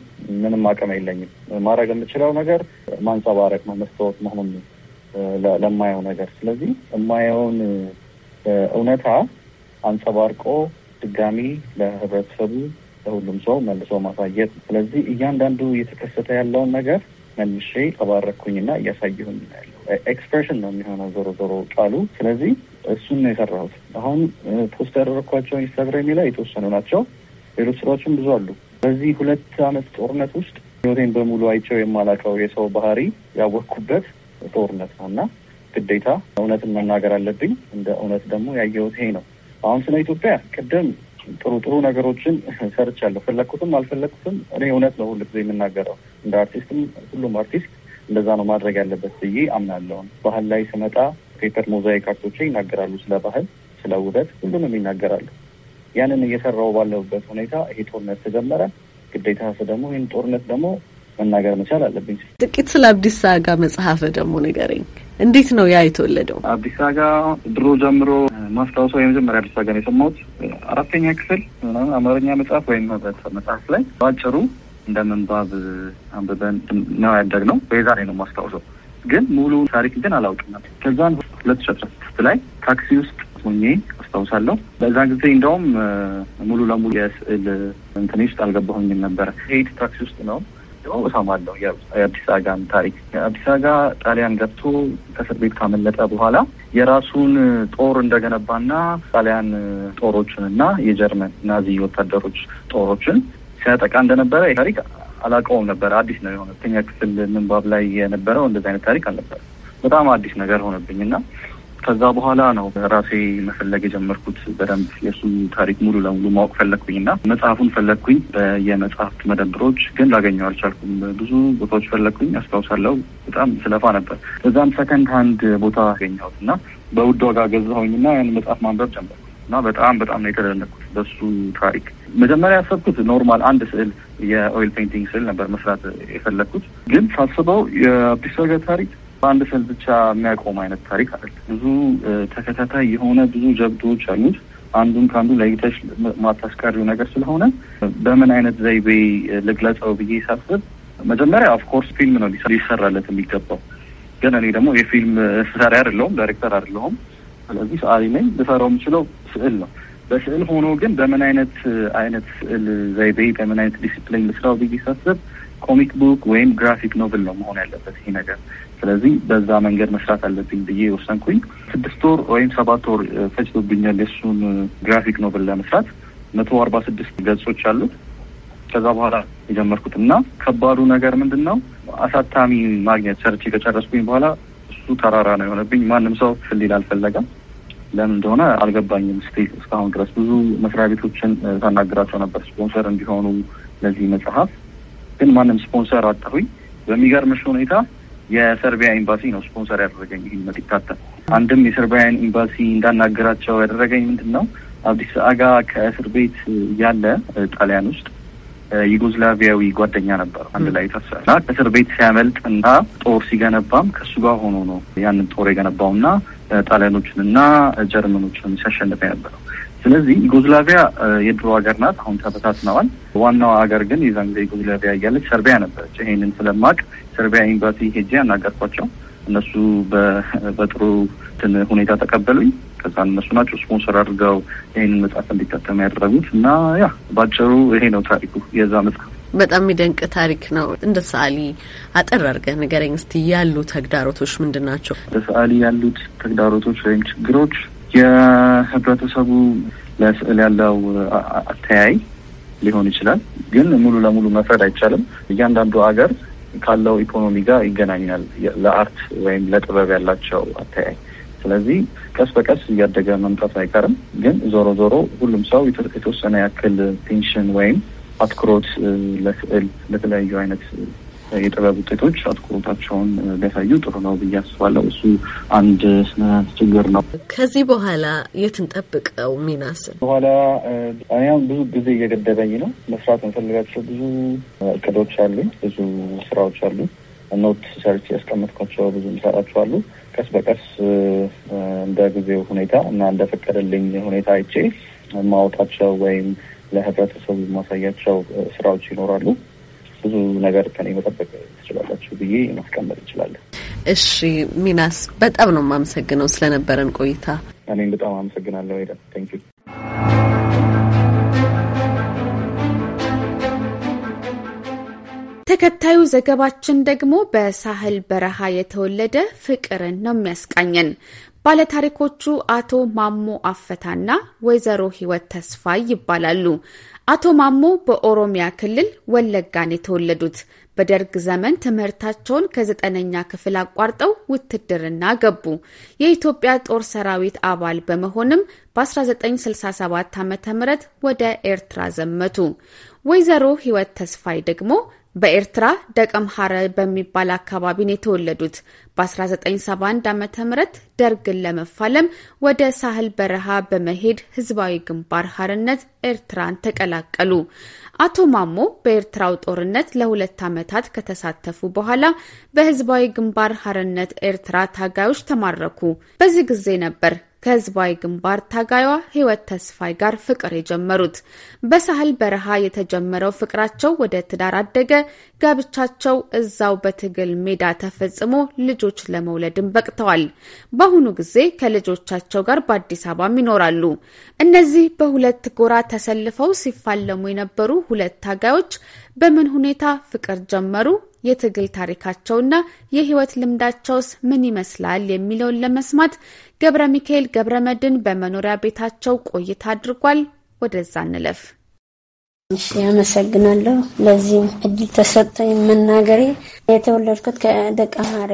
[SPEAKER 12] ምንም አቅም የለኝም። ማድረግ የምችለው ነገር ማንጸባረቅ ነው፣ መስታወት መሆን ለማየው ነገር። ስለዚህ የማየውን እውነታ አንጸባርቆ ድጋሚ ለህብረተሰቡ ለሁሉም ሰው መልሶ ማሳየት ነው። ስለዚህ እያንዳንዱ እየተከሰተ ያለውን ነገር መልሼ ተባረኩኝና እያሳየሁኝ ያለው ኤክስፕሬሽን ነው የሚሆነው ዞሮ ዞሮ ቃሉ። ስለዚህ እሱን ነው የሰራሁት። አሁን ፖስት ያደረግኳቸው ኢንስታግራም ላይ የተወሰኑ ናቸው። ሌሎች ስራዎችም ብዙ አሉ። በዚህ ሁለት አመት ጦርነት ውስጥ ህይወቴን በሙሉ አይቼው የማላውቀው የሰው ባህሪ ያወቅኩበት ጦርነት ነው እና ግዴታ እውነትን መናገር አለብኝ። እንደ እውነት ደግሞ ያየሁት ይሄ ነው። አሁን ስለ ኢትዮጵያ ቅድም ጥሩ ጥሩ ነገሮችን ሰርቻለሁ። ፈለግኩትም አልፈለግኩትም እኔ እውነት ነው ሁልጊዜ የምናገረው። እንደ አርቲስትም ሁሉም አርቲስት እንደዛ ነው ማድረግ ያለበት ብዬ አምናለውን። ባህል ላይ ስመጣ ፔፐር ሞዛይክ አርቶቼ ይናገራሉ፣ ስለ ባህል፣ ስለ ውበት ሁሉንም ይናገራሉ። ያንን እየሰራው ባለሁበት ሁኔታ ይሄ ጦርነት ተጀመረ። ግዴታ ደግሞ ይህን ጦርነት ደግሞ መናገር መቻል አለብኝ። ጥቂት ስለ
[SPEAKER 13] አብዲስ አጋ መጽሐፍ ደግሞ ንገረኝ። እንዴት ነው ያ የተወለደው?
[SPEAKER 12] አዲስ አበባ ድሮ ጀምሮ ማስታወሰው የመጀመሪያ አዲስ አበባ ነው የሰማሁት። አራተኛ ክፍል አማርኛ መጽሐፍ ወይም ህብረተሰብ መጽሐፍ ላይ ባጭሩ እንደ መንባብ አንብበን ነው ያደግነው። የዛሬ ነው ማስታወሰው ግን ሙሉ ታሪክ ግን አላውቅም። ከዛን ሁለት ሺህ አስራ ስድስት ላይ ታክሲ ውስጥ ሆኜ አስታውሳለሁ። በዛ ጊዜ እንደውም ሙሉ ለሙሉ የስዕል እንትን ውስጥ አልገባሁኝም ነበረ። ሄድ ታክሲ ውስጥ ነው ደሞ እሰማለሁ የአዲስ አጋን ታሪክ። አዲስ አጋ ጣሊያን ገብቶ ከእስር ቤት ካመለጠ በኋላ የራሱን ጦር እንደገነባና ጣሊያን ጦሮችን ጦሮችንና የጀርመን ናዚ ወታደሮች ጦሮችን ሲያጠቃ እንደነበረ ታሪክ አላውቀውም ነበረ። አዲስ ነው የሆነ ተኛ ክፍል ምንባብ ላይ የነበረው እንደዚህ አይነት ታሪክ አልነበረ። በጣም አዲስ ነገር ሆነብኝ እና ከዛ በኋላ ነው ራሴ መፈለግ የጀመርኩት። በደንብ የእሱን ታሪክ ሙሉ ለሙሉ ማወቅ ፈለግኩኝ እና መጽሐፉን ፈለግኩኝ። በየመጽሐፍት መደብሮች ግን ላገኘው አልቻልኩም። ብዙ ቦታዎች ፈለግኩኝ፣ አስታውሳለሁ። በጣም ስለፋ ነበር። ከዛም ሰከንድ ሀንድ ቦታ አገኘሁት እና በውድ ዋጋ ገዛሁኝና ያን መጽሐፍ ማንበብ ጀመር እና በጣም በጣም ነው የተደነኩት በሱ ታሪክ። መጀመሪያ ያሰብኩት ኖርማል አንድ ስዕል የኦይል ፔንቲንግ ስዕል ነበር መስራት የፈለግኩት። ግን ሳስበው የአዲስ ታሪክ በአንድ ሰል ብቻ የሚያቆም አይነት ታሪክ አለ። ብዙ ተከታታይ የሆነ ብዙ ጀብዶዎች አሉት። አንዱን ከአንዱ ለይተሽ ማታስቀሪው ነገር ስለሆነ በምን አይነት ዘይቤ ልግለጸው ብዬ ሳስብ መጀመሪያ ኦፍኮርስ ፊልም ነው ሊሰራለት የሚገባው። ግን እኔ ደግሞ የፊልም ሰሪ አይደለሁም፣ ዳይሬክተር አይደለሁም። ስለዚህ ሰዓሊ ነኝ። ልሰራው የምችለው ስዕል ነው። በስዕል ሆኖ ግን በምን አይነት አይነት ስዕል ዘይቤ በምን አይነት ዲስፕሊን ልስራው ብዬ ሳስብ ኮሚክ ቡክ ወይም ግራፊክ ኖቭል ነው መሆን ያለበት ይሄ ነገር ስለዚህ በዛ መንገድ መስራት አለብኝ ብዬ ወሰንኩኝ። ስድስት ወር ወይም ሰባት ወር ፈጅቶብኛል የእሱን ግራፊክ ኖቨል ለመስራት መቶ አርባ ስድስት ገጾች አሉት። ከዛ በኋላ የጀመርኩት እና ከባዱ ነገር ምንድን ነው አሳታሚ ማግኘት። ሰርቼ ከጨረስኩኝ በኋላ እሱ ተራራ ነው የሆነብኝ። ማንም ሰው ፍሊል አልፈለገም። ለምን እንደሆነ አልገባኝም። ስ እስካሁን ድረስ ብዙ መስሪያ ቤቶችን ሳናግራቸው ነበር ስፖንሰር እንዲሆኑ ለዚህ መጽሐፍ፣ ግን ማንም ስፖንሰር አጣሁኝ። በሚገርምሽ ሁኔታ የሰርቢያ ኤምባሲ ነው ስፖንሰር ያደረገኝ ይህን መጥቃተል። አንድም የሰርቢያን ኤምባሲ እንዳናገራቸው ያደረገኝ ምንድን ነው አብዲስ አጋ ከእስር ቤት ያለ ጣሊያን ውስጥ ዩጎዝላቪያዊ ጓደኛ ነበር አንድ ላይ ታሰረ እና እስር ቤት ሲያመልጥ እና ጦር ሲገነባም ከእሱ ጋር ሆኖ ነው ያንን ጦር የገነባው እና ጣሊያኖችን እና ጀርመኖችን ሲያሸንፈ የነበረው ስለዚህ ዩጎዝላቪያ የድሮ ሀገር ናት። አሁን ተበታትነዋል። ዋናው ሀገር ግን የዛን ጊዜ ዩጎዝላቪያ እያለች ሰርቢያ ነበረች። ይሄንን ስለማቅ ሰርቢያ ኤምባሲ ሄጄ አናገርኳቸው። እነሱ በጥሩ እንትን ሁኔታ ተቀበሉኝ። ከዛ እነሱ ናቸው ስፖንሰር አድርገው ይህንን መጽሐፍ እንዲታተም ያደረጉት እና ያ ባጭሩ ይሄ ነው ታሪኩ የዛ መጽሐፍ።
[SPEAKER 13] በጣም የሚደንቅ ታሪክ ነው። እንደ ሰዓሊ አጠር አድርገህ ንገረኝ እስቲ
[SPEAKER 12] ያሉ ተግዳሮቶች ምንድን ናቸው? እንደ ሰዓሊ ያሉት ተግዳሮቶች ወይም ችግሮች የህብረተሰቡ ለስዕል ያለው አተያይ ሊሆን ይችላል። ግን ሙሉ ለሙሉ መፍረድ አይቻልም። እያንዳንዱ ሀገር ካለው ኢኮኖሚ ጋር ይገናኛል ለአርት ወይም ለጥበብ ያላቸው አተያይ። ስለዚህ ቀስ በቀስ እያደገ መምጣት አይቀርም። ግን ዞሮ ዞሮ ሁሉም ሰው የተወሰነ ያክል ቴንሽን ወይም አትኩሮት ለስዕል ለተለያዩ አይነት የጥበብ ውጤቶች አትኩሮታቸውን ቢያሳዩ ጥሩ ነው ብዬ አስባለሁ። እሱ አንድ ችግር ነው።
[SPEAKER 13] ከዚህ በኋላ
[SPEAKER 12] የት እንጠብቀው? ሚናስ በኋላ ያው ብዙ ጊዜ እየገደበኝ ነው። መስራት እንፈልጋቸው ብዙ እቅዶች አሉ፣ ብዙ ስራዎች አሉ። ኖት ሰርች ያስቀመጥኳቸው ብዙ ምሰራቸው አሉ። ቀስ በቀስ እንደ ጊዜው ሁኔታ እና እንደ ፈቀደልኝ ሁኔታ አይቼ የማወጣቸው ወይም ለህብረተሰቡ የማሳያቸው ስራዎች ይኖራሉ። ብዙ ነገር ከኔ መጠበቅ ትችላላችሁ ብዬ ማስቀመጥ እችላለሁ።
[SPEAKER 13] እሺ ሚናስ፣ በጣም ነው የማመሰግነው ስለነበረን ቆይታ። እኔም በጣም
[SPEAKER 12] አመሰግናለሁ ሄደን ቴንክ ዩ።
[SPEAKER 2] ተከታዩ ዘገባችን ደግሞ በሳህል በረሃ የተወለደ ፍቅርን ነው የሚያስቃኘን። ባለታሪኮቹ አቶ ማሞ አፈታና ወይዘሮ ህይወት ተስፋይ ይባላሉ። አቶ ማሞ በኦሮሚያ ክልል ወለጋን የተወለዱት በደርግ ዘመን ትምህርታቸውን ከዘጠነኛ ክፍል አቋርጠው ውትድርና ገቡ። የኢትዮጵያ ጦር ሰራዊት አባል በመሆንም በ1967 ዓ ም ወደ ኤርትራ ዘመቱ። ወይዘሮ ህይወት ተስፋይ ደግሞ በኤርትራ ደቀምሐረ በሚባል አካባቢን የተወለዱት በ1971 ዓ ም ደርግን ለመፋለም ወደ ሳህል በረሃ በመሄድ ህዝባዊ ግንባር ሀርነት ኤርትራን ተቀላቀሉ። አቶ ማሞ በኤርትራው ጦርነት ለሁለት ዓመታት ከተሳተፉ በኋላ በህዝባዊ ግንባር ሀርነት ኤርትራ ታጋዮች ተማረኩ። በዚህ ጊዜ ነበር ከህዝባዊ ግንባር ታጋይዋ ህይወት ተስፋይ ጋር ፍቅር የጀመሩት። በሳህል በረሃ የተጀመረው ፍቅራቸው ወደ ትዳር አደገ። ጋብቻቸው እዛው በትግል ሜዳ ተፈጽሞ ልጆች ለመውለድም በቅተዋል። በአሁኑ ጊዜ ከልጆቻቸው ጋር በአዲስ አበባም ይኖራሉ። እነዚህ በሁለት ጎራ ተሰልፈው ሲፋለሙ የነበሩ ሁለት ታጋዮች በምን ሁኔታ ፍቅር ጀመሩ? የትግል ታሪካቸውና የህይወት ልምዳቸውስ ምን ይመስላል የሚለውን ለመስማት ገብረ ሚካኤል ገብረ መድን በመኖሪያ ቤታቸው ቆይታ አድርጓል። ወደዛ እንለፍ።
[SPEAKER 6] እሺ፣ አመሰግናለሁ ለዚህ እድል ተሰጥቶኝ መናገሬ። የተወለድኩት ከደቀ ማሬ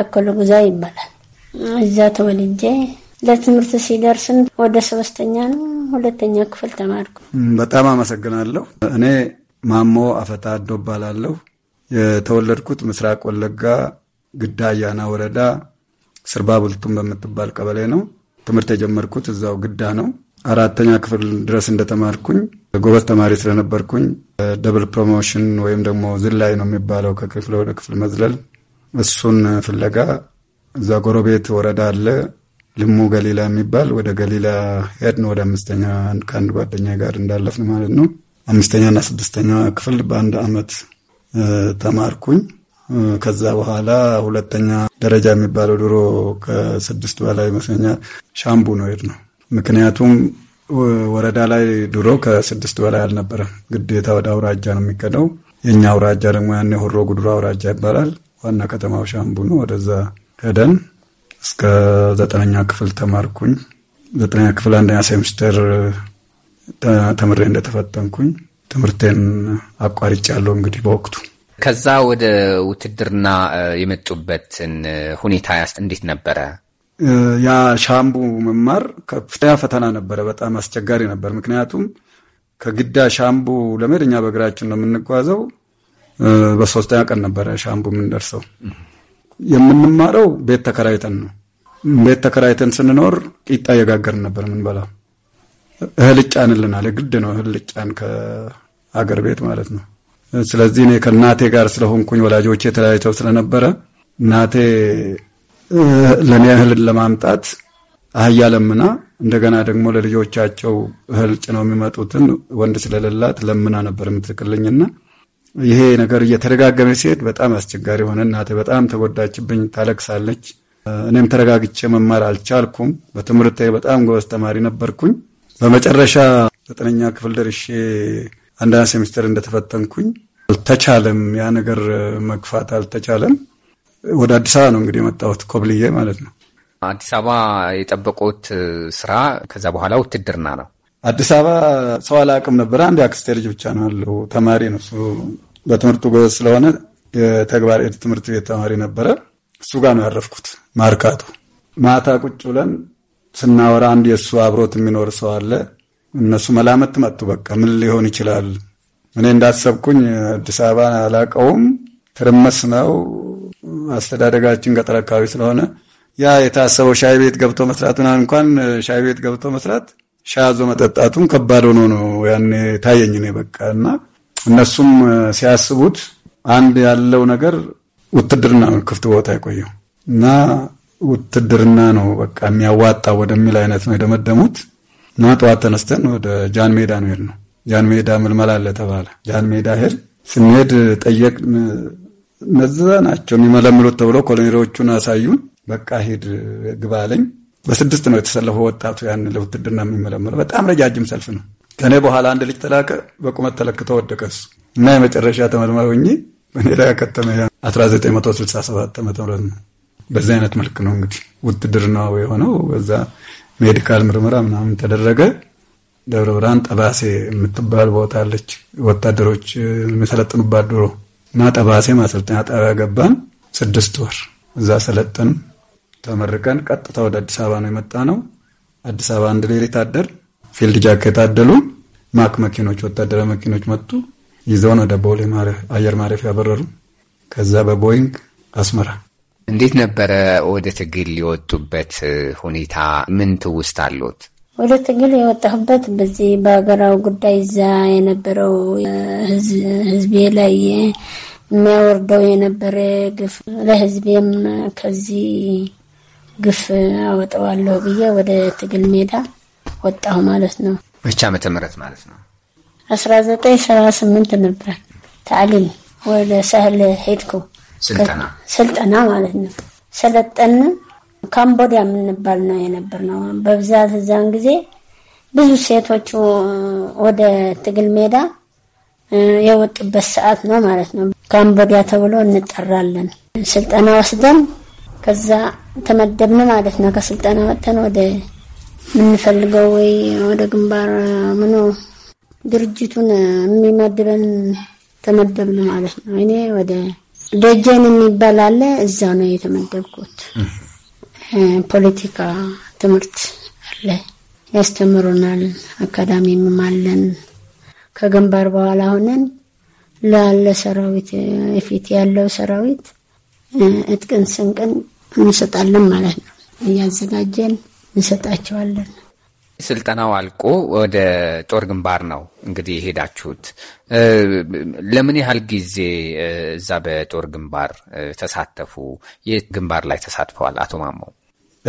[SPEAKER 6] አኮሎ ጉዛ ይባላል። እዛ ተወልጄ ለትምህርት ሲደርስም ወደ ሶስተኛ ነው ሁለተኛ ክፍል ተማርኩ።
[SPEAKER 4] በጣም አመሰግናለሁ። እኔ ማሞ አፈታዶ እባላለሁ። የተወለድኩት ምስራቅ ወለጋ ግዳ አያና ወረዳ ስርባ ቡልቱም በምትባል ቀበሌ ነው። ትምህርት የጀመርኩት እዛው ግዳ ነው። አራተኛ ክፍል ድረስ እንደተማርኩኝ ጎበዝ ተማሪ ስለነበርኩኝ ደብል ፕሮሞሽን ወይም ደግሞ ዝላይ ነው የሚባለው ከክፍል ወደ ክፍል መዝለል፣ እሱን ፍለጋ እዛ ጎረቤት ወረዳ አለ ልሙ ገሊላ የሚባል ወደ ገሊላ ሄድን። ወደ አምስተኛ ከአንድ ጓደኛ ጋር እንዳለፍን ማለት ነው። አምስተኛና ስድስተኛ ክፍል በአንድ አመት ተማርኩኝ። ከዛ በኋላ ሁለተኛ ደረጃ የሚባለው ድሮ ከስድስት በላይ ይመስለኛል ሻምቡ ነው ሄድ ነው። ምክንያቱም ወረዳ ላይ ድሮ ከስድስት በላይ አልነበረም። ግዴታ ወደ አውራጃ ነው የሚቀደው። የእኛ አውራጃ ደግሞ ያኔ ሆሮ ጉድሮ አውራጃ ይባላል። ዋና ከተማው ሻምቡ ነው። ወደዛ ሄደን እስከ ዘጠነኛ ክፍል ተማርኩኝ። ዘጠነኛ ክፍል አንደኛ ሴምስተር ተምሬ እንደተፈተንኩኝ ትምህርቴን አቋርጫለሁ። እንግዲህ በወቅቱ
[SPEAKER 14] ከዛ ወደ ውትድርና የመጡበትን ሁኔታ ያስ እንዴት ነበረ?
[SPEAKER 4] ያ ሻምቡ መማር ከፍተኛ ፈተና ነበረ። በጣም አስቸጋሪ ነበር። ምክንያቱም ከግዳ ሻምቡ ለመሄድ እኛ በእግራችን ነው የምንጓዘው። በሶስተኛ ቀን ነበረ ሻምቡ የምንደርሰው። የምንማረው ቤት ተከራይተን ነው። ቤት ተከራይተን ስንኖር ቂጣ እየጋገርን ነበር የምንበላው። እህል ጫንልናል። የግድ ነው እህል ጫን አገር ቤት ማለት ነው። ስለዚህ እኔ ከእናቴ ጋር ስለሆንኩኝ ወላጆቼ ተለያይተው ስለነበረ እናቴ ለእኔ እህልን ለማምጣት አህያ ለምና እንደገና ደግሞ ለልጆቻቸው እህል ጭነው የሚመጡትን ወንድ ስለሌላት ለምና ነበር የምትልክልኝና ይሄ ነገር እየተደጋገመ ሲሄድ በጣም አስቸጋሪ ሆነ። እናቴ በጣም ተጎዳችብኝ፣ ታለቅሳለች። እኔም ተረጋግቼ መማር አልቻልኩም። በትምህርት በጣም ጎበዝ ተማሪ ነበርኩኝ። በመጨረሻ ዘጠነኛ ክፍል ደርሼ አንደኛ ሴሚስተር እንደተፈተንኩኝ አልተቻለም፣ ያ ነገር መግፋት አልተቻለም። ወደ አዲስ አበባ ነው እንግዲህ የመጣሁት ኮብልዬ ማለት ነው።
[SPEAKER 14] አዲስ አበባ የጠበቁት ስራ ከዛ በኋላ ውትድርና ነው።
[SPEAKER 4] አዲስ አበባ ሰው አላቅም ነበረ። አንድ አክስቴ ልጅ ብቻ ነው ያለው ተማሪ ነው። እሱ በትምህርቱ ጎበዝ ስለሆነ የተግባር ኤድ ትምህርት ቤት ተማሪ ነበረ። እሱ ጋር ነው ያረፍኩት ማርካቱ። ማታ ቁጭ ብለን ስናወራ አንድ የእሱ አብሮት የሚኖር ሰው አለ እነሱ መላመት መጡ። በቃ ምን ሊሆን ይችላል? እኔ እንዳሰብኩኝ አዲስ አበባ አላቀውም፣ ትርመስ ነው አስተዳደጋችን ገጠር አካባቢ ስለሆነ ያ የታሰበው ሻይ ቤት ገብቶ መስራት ምናምን እንኳን ሻይ ቤት ገብቶ መስራት ሻዞ መጠጣቱም ከባድ ሆኖ ነው ያኔ ታየኝ እኔ በቃ እና እነሱም ሲያስቡት አንድ ያለው ነገር ውትድርና ነው ክፍት ቦታ የቆየው እና ውትድርና ነው በቃ የሚያዋጣ ወደሚል አይነት ነው የደመደሙት። እና ጠዋት ተነስተን ወደ ጃን ሜዳ ነው የሄድነው። ጃን ሜዳ ምልመላ አለ ተባለ። ጃን ሜዳ ሄድ ስንሄድ ጠየቅ እነዛ ናቸው የሚመለምሉት ተብሎ ኮሎኔሎቹን አሳዩን። በቃ ሂድ ግባ አለኝ። በስድስት ነው የተሰለፈው ወጣቱ ያን ለውትድርና የሚመለምለው በጣም ረጃጅም ሰልፍ ነው። ከእኔ በኋላ አንድ ልጅ ተላቀ። በቁመት ተለክቶ ወደቀ እሱ እና የመጨረሻ ተመልማሪ ሆኜ በእኔ ላይ ያከተመ 1967 ዓ.ም ነው። በዚህ አይነት መልክ ነው እንግዲህ ውትድርና የሆነው በዛ ሜዲካል ምርመራ ምናምን ተደረገ። ደብረ ብርሃን ጠባሴ የምትባል ቦታ አለች፣ ወታደሮች የሚሰለጥኑባት ድሮ እና ጠባሴ ማሰልጠኛ ጣቢያ ገባን። ስድስት ወር እዛ ሰለጥን ተመርቀን ቀጥታ ወደ አዲስ አበባ ነው የመጣ ነው። አዲስ አበባ አንድ ሌሊት አደር። ፊልድ ጃኬት አደሉን። ማክ መኪኖች፣ ወታደራዊ መኪኖች መጡ። ይዘውን ወደ ቦሌ አየር ማረፊያ ያበረሩ። ከዛ በቦይንግ አስመራ
[SPEAKER 14] እንዴት ነበረ ወደ ትግል የወጡበት ሁኔታ? ምን ትውስት አሉት?
[SPEAKER 6] ወደ ትግል የወጣሁበት በዚህ በሀገራዊ ጉዳይ እዛ የነበረው ህዝቤ ላይ የሚያወርደው የነበረ ግፍ ለህዝቤም ከዚህ ግፍ አወጣዋለሁ ብዬ ወደ ትግል ሜዳ ወጣሁ ማለት ነው።
[SPEAKER 14] መቼ ዓመተ ምህረት ማለት ነው?
[SPEAKER 6] አስራ ዘጠኝ ሰባ ስምንት ነበር። ታዕሊም ወደ ሳህል ሄድኩ። ስልጠና ስልጠና ማለት ነው። ሰለጠን ካምቦዲያ የምንባል ነው የነበር ነው በብዛት እዛን ጊዜ ብዙ ሴቶቹ ወደ ትግል ሜዳ የወጡበት ሰዓት ነው ማለት ነው። ካምቦዲያ ተብሎ እንጠራለን። ስልጠና ወስደን ከዛ ተመደብን ማለት ነው። ከስልጠና ወጥተን ወደ የምንፈልገው ወይ ወደ ግንባር ምኖ ድርጅቱን የሚመድበን ተመደብን ማለት ነው። እኔ ወደ ደጀን የሚባል አለ። እዛ ነው የተመደብኩት። ፖለቲካ ትምህርት አለ ያስተምሩናል። አካዳሚም አለን። ከግንባር በኋላ ሆነን ላለ ሰራዊት የፊት ያለው ሰራዊት እጥቅን ስንቅን እንሰጣለን ማለት ነው። እያዘጋጀን እንሰጣቸዋለን።
[SPEAKER 14] ስልጠናው አልቆ ወደ ጦር ግንባር ነው እንግዲህ የሄዳችሁት። ለምን ያህል ጊዜ እዛ በጦር ግንባር ተሳተፉ? የት ግንባር ላይ ተሳትፈዋል? አቶ ማሞ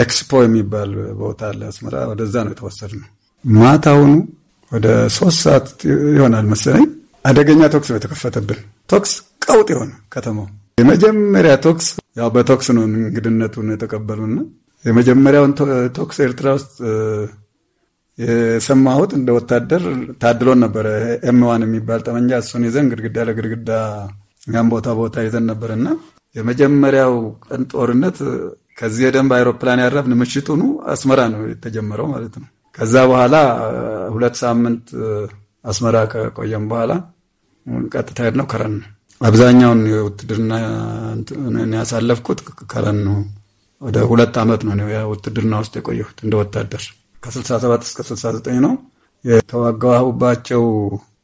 [SPEAKER 4] ኤክስፖ የሚባል ቦታ አለ አስመራ። ወደዛ ነው የተወሰድነው። ማታውኑ ወደ ሶስት ሰዓት ይሆናል መሰለኝ አደገኛ ቶክስ ነው የተከፈተብን። ቶክስ ቀውጥ የሆነ ከተማው
[SPEAKER 3] የመጀመሪያ
[SPEAKER 4] ቶክስ ያው በቶክስ ነው እንግድነቱን የተቀበሉና የመጀመሪያውን ቶክስ ኤርትራ ውስጥ የሰማሁት እንደ ወታደር ታድሎን ነበረ። ኤምዋን የሚባል ጠመንጃ እሱን ይዘን ግድግዳ ለግድግዳ ያን ቦታ ቦታ ይዘን ነበር እና የመጀመሪያው ቀን ጦርነት ከዚህ የደንብ አይሮፕላን ያረፍን ምሽቱኑ አስመራ ነው የተጀመረው ማለት ነው። ከዛ በኋላ ሁለት ሳምንት አስመራ ከቆየም በኋላ ቀጥታ ሄድ ነው ከረን ነው። አብዛኛውን የውትድርና ያሳለፍኩት ከረን ነው። ወደ ሁለት ዓመት ነው ውትድርና ውስጥ የቆየሁት እንደ ወታደር ከ67 እስከ 69 ነው። የተዋጋባቸው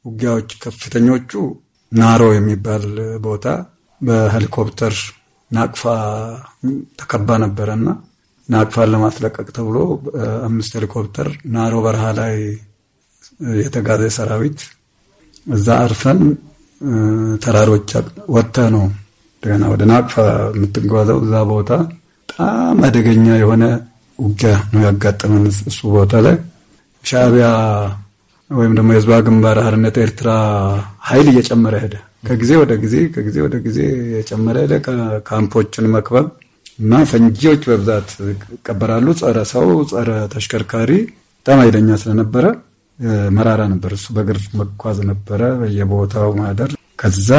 [SPEAKER 4] ውጊያዎች ከፍተኞቹ ናሮ የሚባል ቦታ በሄሊኮፕተር ናቅፋ ተከባ ነበረ እና ናቅፋን ለማስለቀቅ ተብሎ አምስት ሄሊኮፕተር ናሮ በረሃ ላይ የተጋዘ ሰራዊት እዛ አርፈን ተራሮች ወተ ነው እንደገና ወደ ናቅፋ የምትጓዘው። እዛ ቦታ በጣም አደገኛ የሆነ ውጊያ ነው ያጋጠመን እሱ ቦታ ላይ ሻዕቢያ ወይም ደግሞ የህዝባ ግንባር ሀርነት ኤርትራ ሀይል እየጨመረ ሄደ። ከጊዜ ወደ ጊዜ ከጊዜ ወደ ጊዜ የጨመረ ሄደ። ካምፖችን መክበብ እና ፈንጂዎች በብዛት ይቀበራሉ። ጸረ ሰው፣ ጸረ ተሽከርካሪ በጣም ኃይለኛ ስለነበረ መራራ ነበር። እሱ በእግር መጓዝ ነበረ በየቦታው ማደር። ከዛ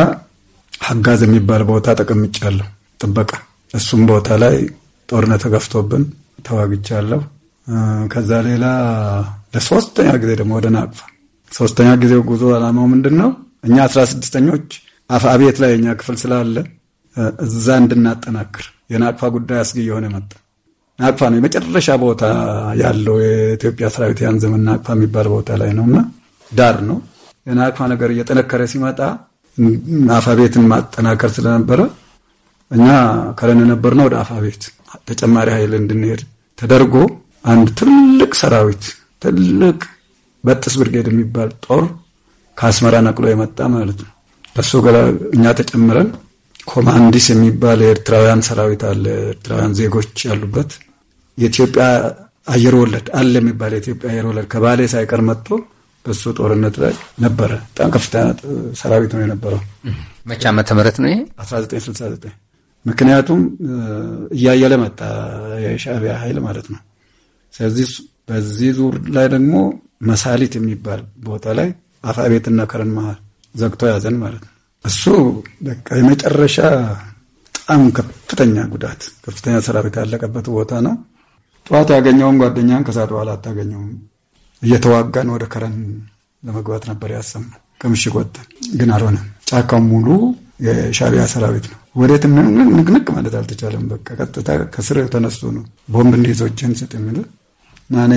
[SPEAKER 4] ሀጋዝ የሚባል ቦታ ተቀምጫለሁ ጥበቃ። እሱም ቦታ ላይ ጦርነት ተገፍቶብን ተዋግቻለሁ። ከዛ ሌላ ለሶስተኛ ጊዜ ደግሞ ወደ ናቅፋ ሶስተኛ ጊዜው ጉዞ አላማው ምንድን ነው? እኛ አስራ ስድስተኞች አብዮት ላይ የኛ ክፍል ስላለ እዛ እንድናጠናክር የናቅፋ ጉዳይ አስጊ የሆነ መጣ። ናቅፋ ነው የመጨረሻ ቦታ ያለው የኢትዮጵያ ሰራዊት ያን ዘመን ናቅፋ የሚባል ቦታ ላይ ነው እና ዳር ነው የናቅፋ ነገር እየጠነከረ ሲመጣ አፋ ቤትን ማጠናከር ስለነበረ እኛ ከረን ነበር ነው ወደ ቤት ተጨማሪ ኃይል እንድንሄድ ተደርጎ አንድ ትልቅ ሰራዊት ትልቅ በጥስ ብርጌድ የሚባል ጦር ከአስመራ ነቅሎ የመጣ ማለት ነው። ከሱ ጋር እኛ ተጨምረን ኮማንዲስ የሚባል የኤርትራውያን ሰራዊት አለ። ኤርትራውያን ዜጎች ያሉበት የኢትዮጵያ አየር ወለድ አለ የሚባል የኢትዮጵያ አየር ወለድ ከባሌ ሳይቀር መጥቶ በሱ ጦርነት ላይ ነበረ። በጣም ከፍተኛ ሰራዊት ነው የነበረው። መቼ ዓመተ ምህረት ነው ይሄ? 1969 ምክንያቱም እያየለ መጣ የሻዕቢያ ኃይል ማለት ነው። ስለዚህ በዚህ ዙር ላይ ደግሞ መሳሊት የሚባል ቦታ ላይ አፋቤትና ከረን መሃል ዘግቶ ያዘን ማለት ነው። እሱ በቃ የመጨረሻ በጣም ከፍተኛ ጉዳት፣ ከፍተኛ ሰራዊት ያለቀበት ቦታ ነው። ጠዋት ያገኘውን ጓደኛን ከሰዓት በኋላ አታገኘውም። እየተዋጋን ወደ ከረን ለመግባት ነበር ያሰማ ከምሽግ ወጥተን ግን አልሆነም። ጫካው ሙሉ የሻቢያ ሰራዊት ነው። ወዴት ንቅንቅ ማለት አልተቻለም። በቃ ቀጥታ ከስር ተነስቶ ነው ቦምብ እንዲይዞችን ስጥ የሚል እና እኔ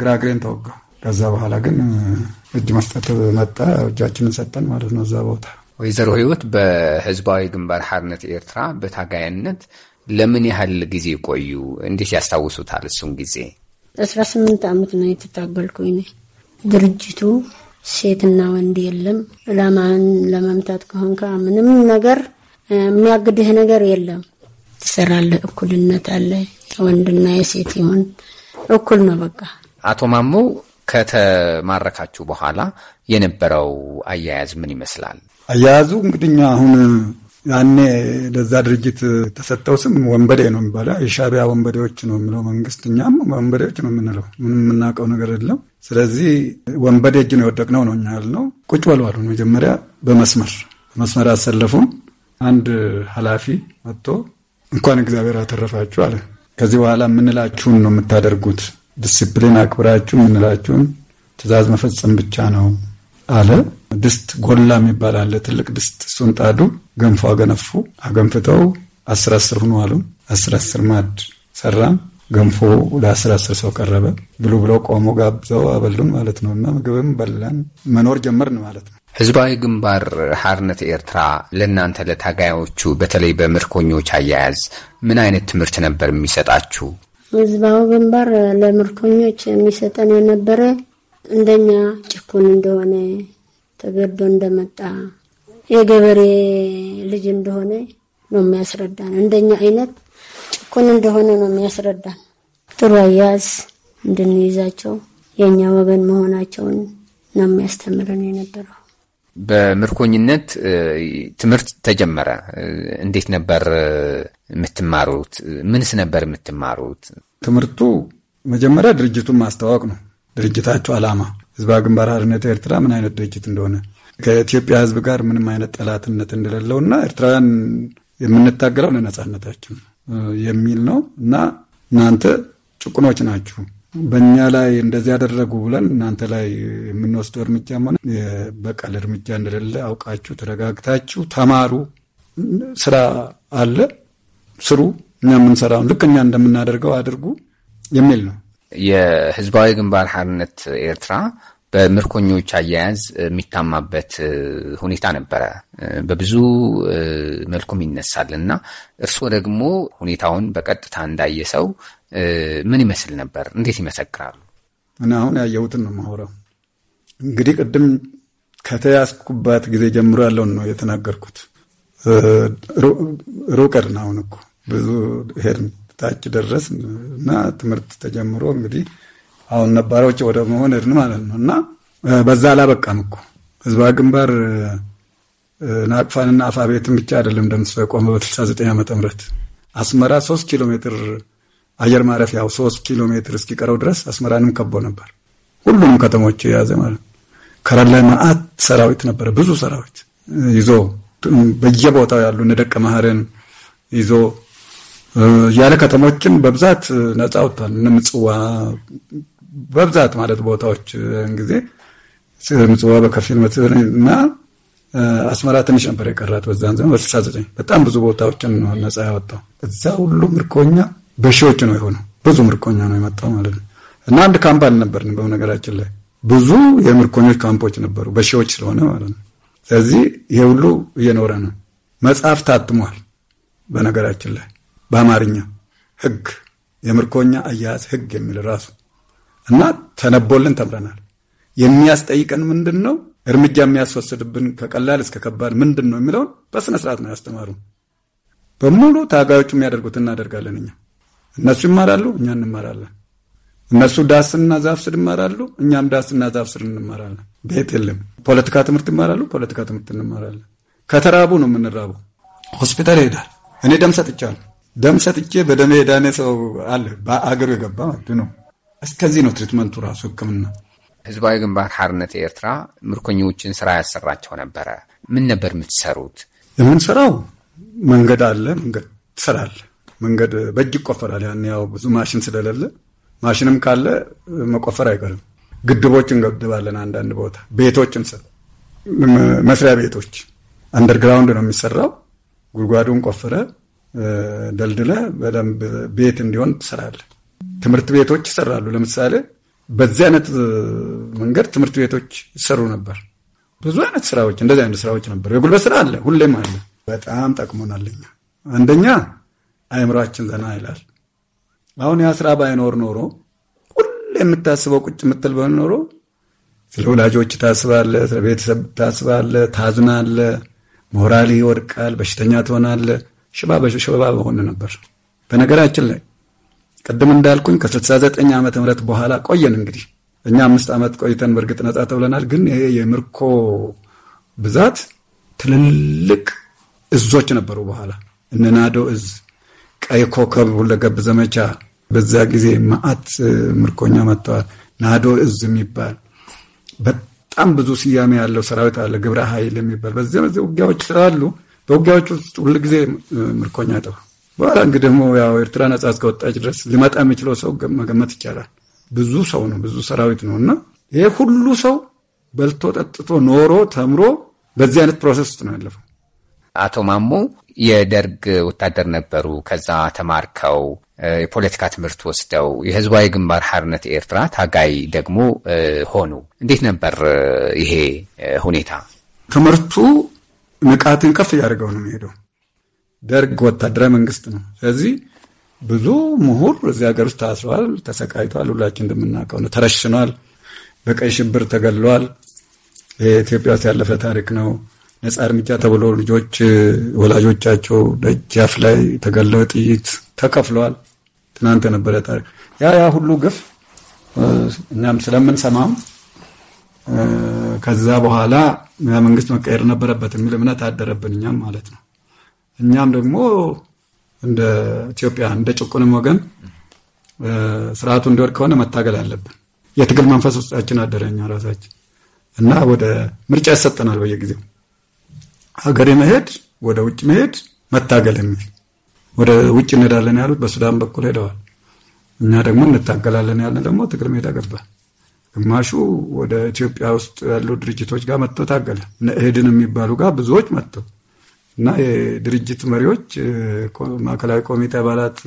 [SPEAKER 4] ግራ ተወጋ። ከዛ በኋላ ግን እጅ መስጠት መጣ። እጃችንን ሰጠን ማለት
[SPEAKER 14] ነው እዛ ቦታ። ወይዘሮ ህይወት በህዝባዊ ግንባር ሓርነት ኤርትራ በታጋይነት ለምን ያህል ጊዜ ቆዩ? እንዴት ያስታውሱታል? እሱን ጊዜ
[SPEAKER 6] አስራ ስምንት ዓመት ነው የተታገልኩኝ ድርጅቱ ሴትና ወንድ የለም። ዓላማን ለመምታት ከሆንካ ምንም ነገር የሚያግድህ ነገር የለም። ትሰራለህ። እኩልነት አለ። የወንድና የሴት ይሁን እኩል ነው በቃ።
[SPEAKER 14] አቶ ማሞ ከተማረካችሁ በኋላ የነበረው አያያዝ ምን
[SPEAKER 3] ይመስላል?
[SPEAKER 4] አያያዙ እንግዲህ እኛ አሁን ያኔ ለዛ ድርጅት ተሰጠው ስም ወንበዴ ነው የሚባለው። የሻቢያ ወንበዴዎች ነው የምለው መንግስት። እኛም ወንበዴዎች ነው የምንለው። ምንም የምናውቀው ነገር የለም። ስለዚህ ወንበዴ እጅ ነው የወደቅነው ነው እኛ ያልነው። ቁጭ በሉ መጀመሪያ በመስመር በመስመር አሰለፉን። አንድ ኃላፊ መጥቶ እንኳን እግዚአብሔር አተረፋችሁ አለ። ከዚህ በኋላ የምንላችሁን ነው የምታደርጉት፣ ዲስፕሊን አክብራችሁ የምንላችሁን ትእዛዝ መፈጸም ብቻ ነው አለ። ድስት ጎላ የሚባል አለ ትልቅ ድስት፣ እሱን ጣዱ፣ ገንፎ አገነፉ። አገንፍተው አስር አስር ሁኑ አሉ። አስር አስር ማድ ሰራም ገንፎ ለአስር አስር ሰው ቀረበ። ብሉ ብለው ቆሞ ጋብዘው አበሉን ማለት ነው እና ምግብም በላን መኖር ጀመርን
[SPEAKER 14] ማለት ነው። ህዝባዊ ግንባር ሐርነት ኤርትራ ለእናንተ ለታጋዮቹ በተለይ በምርኮኞች አያያዝ ምን አይነት ትምህርት ነበር የሚሰጣችሁ?
[SPEAKER 6] ህዝባዊ ግንባር ለምርኮኞች የሚሰጠን የነበረ እንደኛ ጭኩን እንደሆነ ተገዶ እንደመጣ የገበሬ ልጅ እንደሆነ ነው የሚያስረዳን። እንደኛ አይነት ጭቁን እንደሆነ ነው የሚያስረዳን። ጥሩ አያያዝ እንድንይዛቸው የእኛ ወገን መሆናቸውን ነው የሚያስተምረን የነበረው።
[SPEAKER 14] በምርኮኝነት ትምህርት ተጀመረ። እንዴት ነበር የምትማሩት? ምንስ ነበር የምትማሩት?
[SPEAKER 4] ትምህርቱ መጀመሪያ ድርጅቱን ማስተዋወቅ ነው። ድርጅታቸው አላማ ህዝባዊ ግንባር ሓርነት ኤርትራ ምን አይነት ድርጅት እንደሆነ
[SPEAKER 14] ከኢትዮጵያ ህዝብ
[SPEAKER 4] ጋር ምንም አይነት ጠላትነት እንደሌለውና ኤርትራውያን የምንታገለው ለነጻነታችን ነው። የሚል ነው እና እናንተ ጭቁኖች ናችሁ በእኛ ላይ እንደዚህ ያደረጉ ብለን እናንተ ላይ የምንወስደው እርምጃም ሆነ በቀል እርምጃ እንደሌለ አውቃችሁ ተረጋግታችሁ ተማሩ። ስራ አለ ስሩ፣ እኛ የምንሰራውን ልክ እኛ እንደምናደርገው አድርጉ የሚል ነው።
[SPEAKER 14] የህዝባዊ ግንባር ሓርነት ኤርትራ በምርኮኞች አያያዝ የሚታማበት ሁኔታ ነበረ። በብዙ መልኩም ይነሳል እና እርስዎ ደግሞ ሁኔታውን በቀጥታ እንዳየ ሰው ምን ይመስል ነበር? እንዴት ይመሰክራሉ?
[SPEAKER 4] እና አሁን ያየሁትን ነው የማወራው። እንግዲህ ቅድም ከተያዝኩባት ጊዜ ጀምሮ ያለውን ነው የተናገርኩት። ሩቀድን አሁን እኮ ብዙ ሄድን፣ ታች ደረስ እና ትምህርት ተጀምሮ እንግዲህ አሁን ነባረ ውጭ ወደ መሆን እድን ማለት ነው እና በዛ አላበቃም እኮ ህዝባ ግንባር ናቅፋንና አፋቤትን ብቻ አይደለም እንደምስለ ቆመ በ69 ዓ ም አስመራ ሶስት ኪሎ ሜትር አየር ማረፊያው ሶስት ኪሎ ሜትር እስኪቀረው ድረስ አስመራንም ከቦ ነበር። ሁሉም ከተሞች የያዘ ማለት ነው። ከረን ላይ መዓት ሰራዊት ነበረ። ብዙ ሰራዊት ይዞ በየቦታው ያሉ ደቀ መህርን ይዞ ያለ ከተሞችን በብዛት ነፃ ወጥቷል። እነ ምጽዋ በብዛት ማለት ቦታዎች ጊዜ ምጽዋ በከፊል መትብር እና አስመራ ትንሽ ነበር የቀራት በዛን ዘመን በ69 በጣም ብዙ ቦታዎችን ነው ነጻ ያወጣው። እዛ ሁሉ ምርኮኛ በሺዎች ነው የሆነው። ብዙ ምርኮኛ ነው የመጣው ማለት ነው። እና አንድ ካምፕ አልነበርን በነገራችን ላይ ብዙ የምርኮኞች ካምፖች ነበሩ፣ በሺዎች ስለሆነ ማለት ነው። ስለዚህ ይሄ ሁሉ እየኖረ ነው። መጽሐፍ ታትሟል። በነገራችን ላይ በአማርኛ ህግ፣ የምርኮኛ አያያዝ ህግ የሚል ራሱ እና ተነቦልን ተምረናል። የሚያስጠይቀን ምንድን ነው እርምጃ የሚያስወስድብን ከቀላል እስከ ከባድ ምንድን ነው የሚለውን በስነ ስርዓት ነው ያስተማሩ። በሙሉ ታጋዮቹ የሚያደርጉት እናደርጋለን። እኛ እነሱ ይማራሉ፣ እኛ እንማራለን። እነሱ ዳስና ዛፍ ስር ይማራሉ፣ እኛም ዳስና ዛፍ ስር እንማራለን። ቤት የለም። ፖለቲካ ትምህርት ይማራሉ፣ ፖለቲካ ትምህርት እንማራለን። ከተራቡ ነው የምንራበው። ሆስፒታል ይሄዳል። እኔ ደም ሰጥቻለሁ። ደም ሰጥቼ በደሜ የዳነ ሰው አለ በአገሩ የገባ ማለት ነው እስከዚህ ነው ትሪትመንቱ ራሱ
[SPEAKER 14] ህክምና ህዝባዊ ግንባር ሓርነት ኤርትራ ምርኮኞችን ስራ ያሰራቸው ነበረ። ምን ነበር የምትሰሩት? የምንሰራው መንገድ አለ፣ መንገድ ትሰራለ።
[SPEAKER 4] መንገድ በእጅ ይቆፈራል። ያን ያው ብዙ ማሽን ስለሌለ ማሽንም ካለ መቆፈር አይቀርም። ግድቦች እንገድባለን። አንዳንድ ቦታ ቤቶች እንሰራ፣ መስሪያ ቤቶች አንደርግራውንድ ነው የሚሰራው። ጉድጓዱን ቆፍረ ደልድለ በደንብ ቤት እንዲሆን ትሰራለ። ትምህርት ቤቶች ይሰራሉ። ለምሳሌ በዚህ አይነት መንገድ ትምህርት ቤቶች ይሰሩ ነበር። ብዙ አይነት ስራዎች እንደዚህ አይነት ስራዎች ነበሩ። የጉልበት ስራ አለ፣ ሁሌም አለ። በጣም ጠቅሞናል። አንደኛ አእምሯችን ዘና ይላል። አሁን ያ ስራ ባይኖር ኖሮ ሁሌ የምታስበው ቁጭ የምትል በሆን ኖሮ ስለ ወላጆች ታስባለ፣ ስለ ቤተሰብ ታስባለ፣ ታዝናለ፣ ሞራል ይወድቃል፣ በሽተኛ ትሆናለ። ሽባ በሽባ በሆን ነበር በነገራችን ላይ ቅድም እንዳልኩኝ ከ69 ዓመተ ምህረት በኋላ ቆየን እንግዲህ እኛ አምስት ዓመት ቆይተን በእርግጥ ነጻ ተብለናል። ግን ይሄ የምርኮ ብዛት ትልልቅ እዞች ነበሩ። በኋላ እንናዶ እዝ፣ ቀይ ኮከብ ሁለገብ ዘመቻ በዛ ጊዜ ማአት ምርኮኛ መጥተዋል። ናዶ እዝ የሚባል በጣም ብዙ ስያሜ ያለው ሰራዊት አለ። ግብረ ኃይል የሚባል በዚያ ውጊያዎች ስላሉ በውጊያዎች ውስጥ ሁልጊዜ ምርኮኛ ጠፋ። በኋላ እንግዲህ ደግሞ ያው ኤርትራ ነጻ እስከወጣች ድረስ ሊመጣ የሚችለው ሰው መገመት ይቻላል። ብዙ ሰው ነው፣ ብዙ ሰራዊት ነው እና ይሄ ሁሉ ሰው በልቶ ጠጥቶ ኖሮ ተምሮ በዚህ አይነት
[SPEAKER 14] ፕሮሰስ ውስጥ ነው ያለፈው። አቶ ማሞ የደርግ ወታደር ነበሩ። ከዛ ተማርከው የፖለቲካ ትምህርት ወስደው የህዝባዊ ግንባር ሓርነት ኤርትራ ታጋይ ደግሞ ሆኑ። እንዴት ነበር ይሄ ሁኔታ? ትምህርቱ
[SPEAKER 4] ንቃትን ከፍ እያደርገው ነው የሚሄደው ደርግ ወታደራዊ መንግስት ነው። ስለዚህ ብዙ ምሁር እዚህ ሀገር ውስጥ ታስሯል፣ ተሰቃይቷል። ሁላችን እንደምናውቀው ነው። ተረሽኗል፣ በቀይ ሽብር ተገሏል ኢትዮጵያ ውስጥ ያለፈ ታሪክ ነው። ነፃ እርምጃ ተብሎ ልጆች ወላጆቻቸው ደጃፍ ላይ ተገለው ጥይት ተከፍለዋል። ትናንት የነበረ ታሪክ ያ ያ ሁሉ ግፍ እናም ስለምንሰማም ከዛ በኋላ መንግስት መቀየር ነበረበት የሚል እምነት አደረብን እኛም ማለት ነው። እኛም ደግሞ እንደ ኢትዮጵያ እንደ ጭቁንም ወገን ስርዓቱ እንዲወድቅ ከሆነ መታገል አለብን። የትግል መንፈስ ውስጣችን አደረኛ ራሳችን እና ወደ ምርጫ ይሰጠናል በየጊዜው ሀገር መሄድ፣ ወደ ውጭ መሄድ፣ መታገል የሚል ወደ ውጭ እንሄዳለን ያሉት በሱዳን በኩል ሄደዋል። እኛ ደግሞ እንታገላለን ያለ ደግሞ ትግል ሜዳ ገባ። ግማሹ ወደ ኢትዮጵያ ውስጥ ያሉ ድርጅቶች ጋር መጥተው ታገለ። እነ እህድን የሚባሉ ጋር ብዙዎች መጥተው እና የድርጅት መሪዎች ማዕከላዊ ኮሚቴ አባላት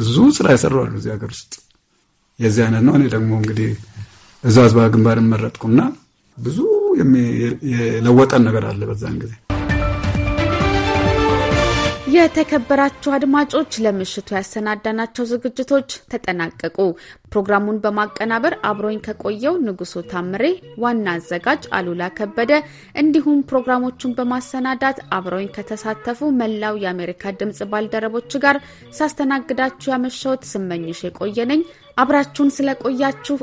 [SPEAKER 4] ብዙ ስራ ይሰራሉ እዚህ ሀገር ውስጥ የዚህ አይነት ነው። እኔ ደግሞ እንግዲህ እዛ ህዝባዊ ግንባር መረጥኩና ብዙ የለወጠን ነገር አለ በዛን ጊዜ
[SPEAKER 2] የተከበራችሁ አድማጮች ለምሽቱ ያሰናዳናቸው ዝግጅቶች ተጠናቀቁ። ፕሮግራሙን በማቀናበር አብሮኝ ከቆየው ንጉሱ ታምሬ፣ ዋና አዘጋጅ አሉላ ከበደ እንዲሁም ፕሮግራሞቹን በማሰናዳት አብረኝ ከተሳተፉ መላው የአሜሪካ ድምጽ ባልደረቦች ጋር ሳስተናግዳችሁ ያመሸውት ስመኝሽ የቆየነኝ አብራችሁን ስለቆያችሁ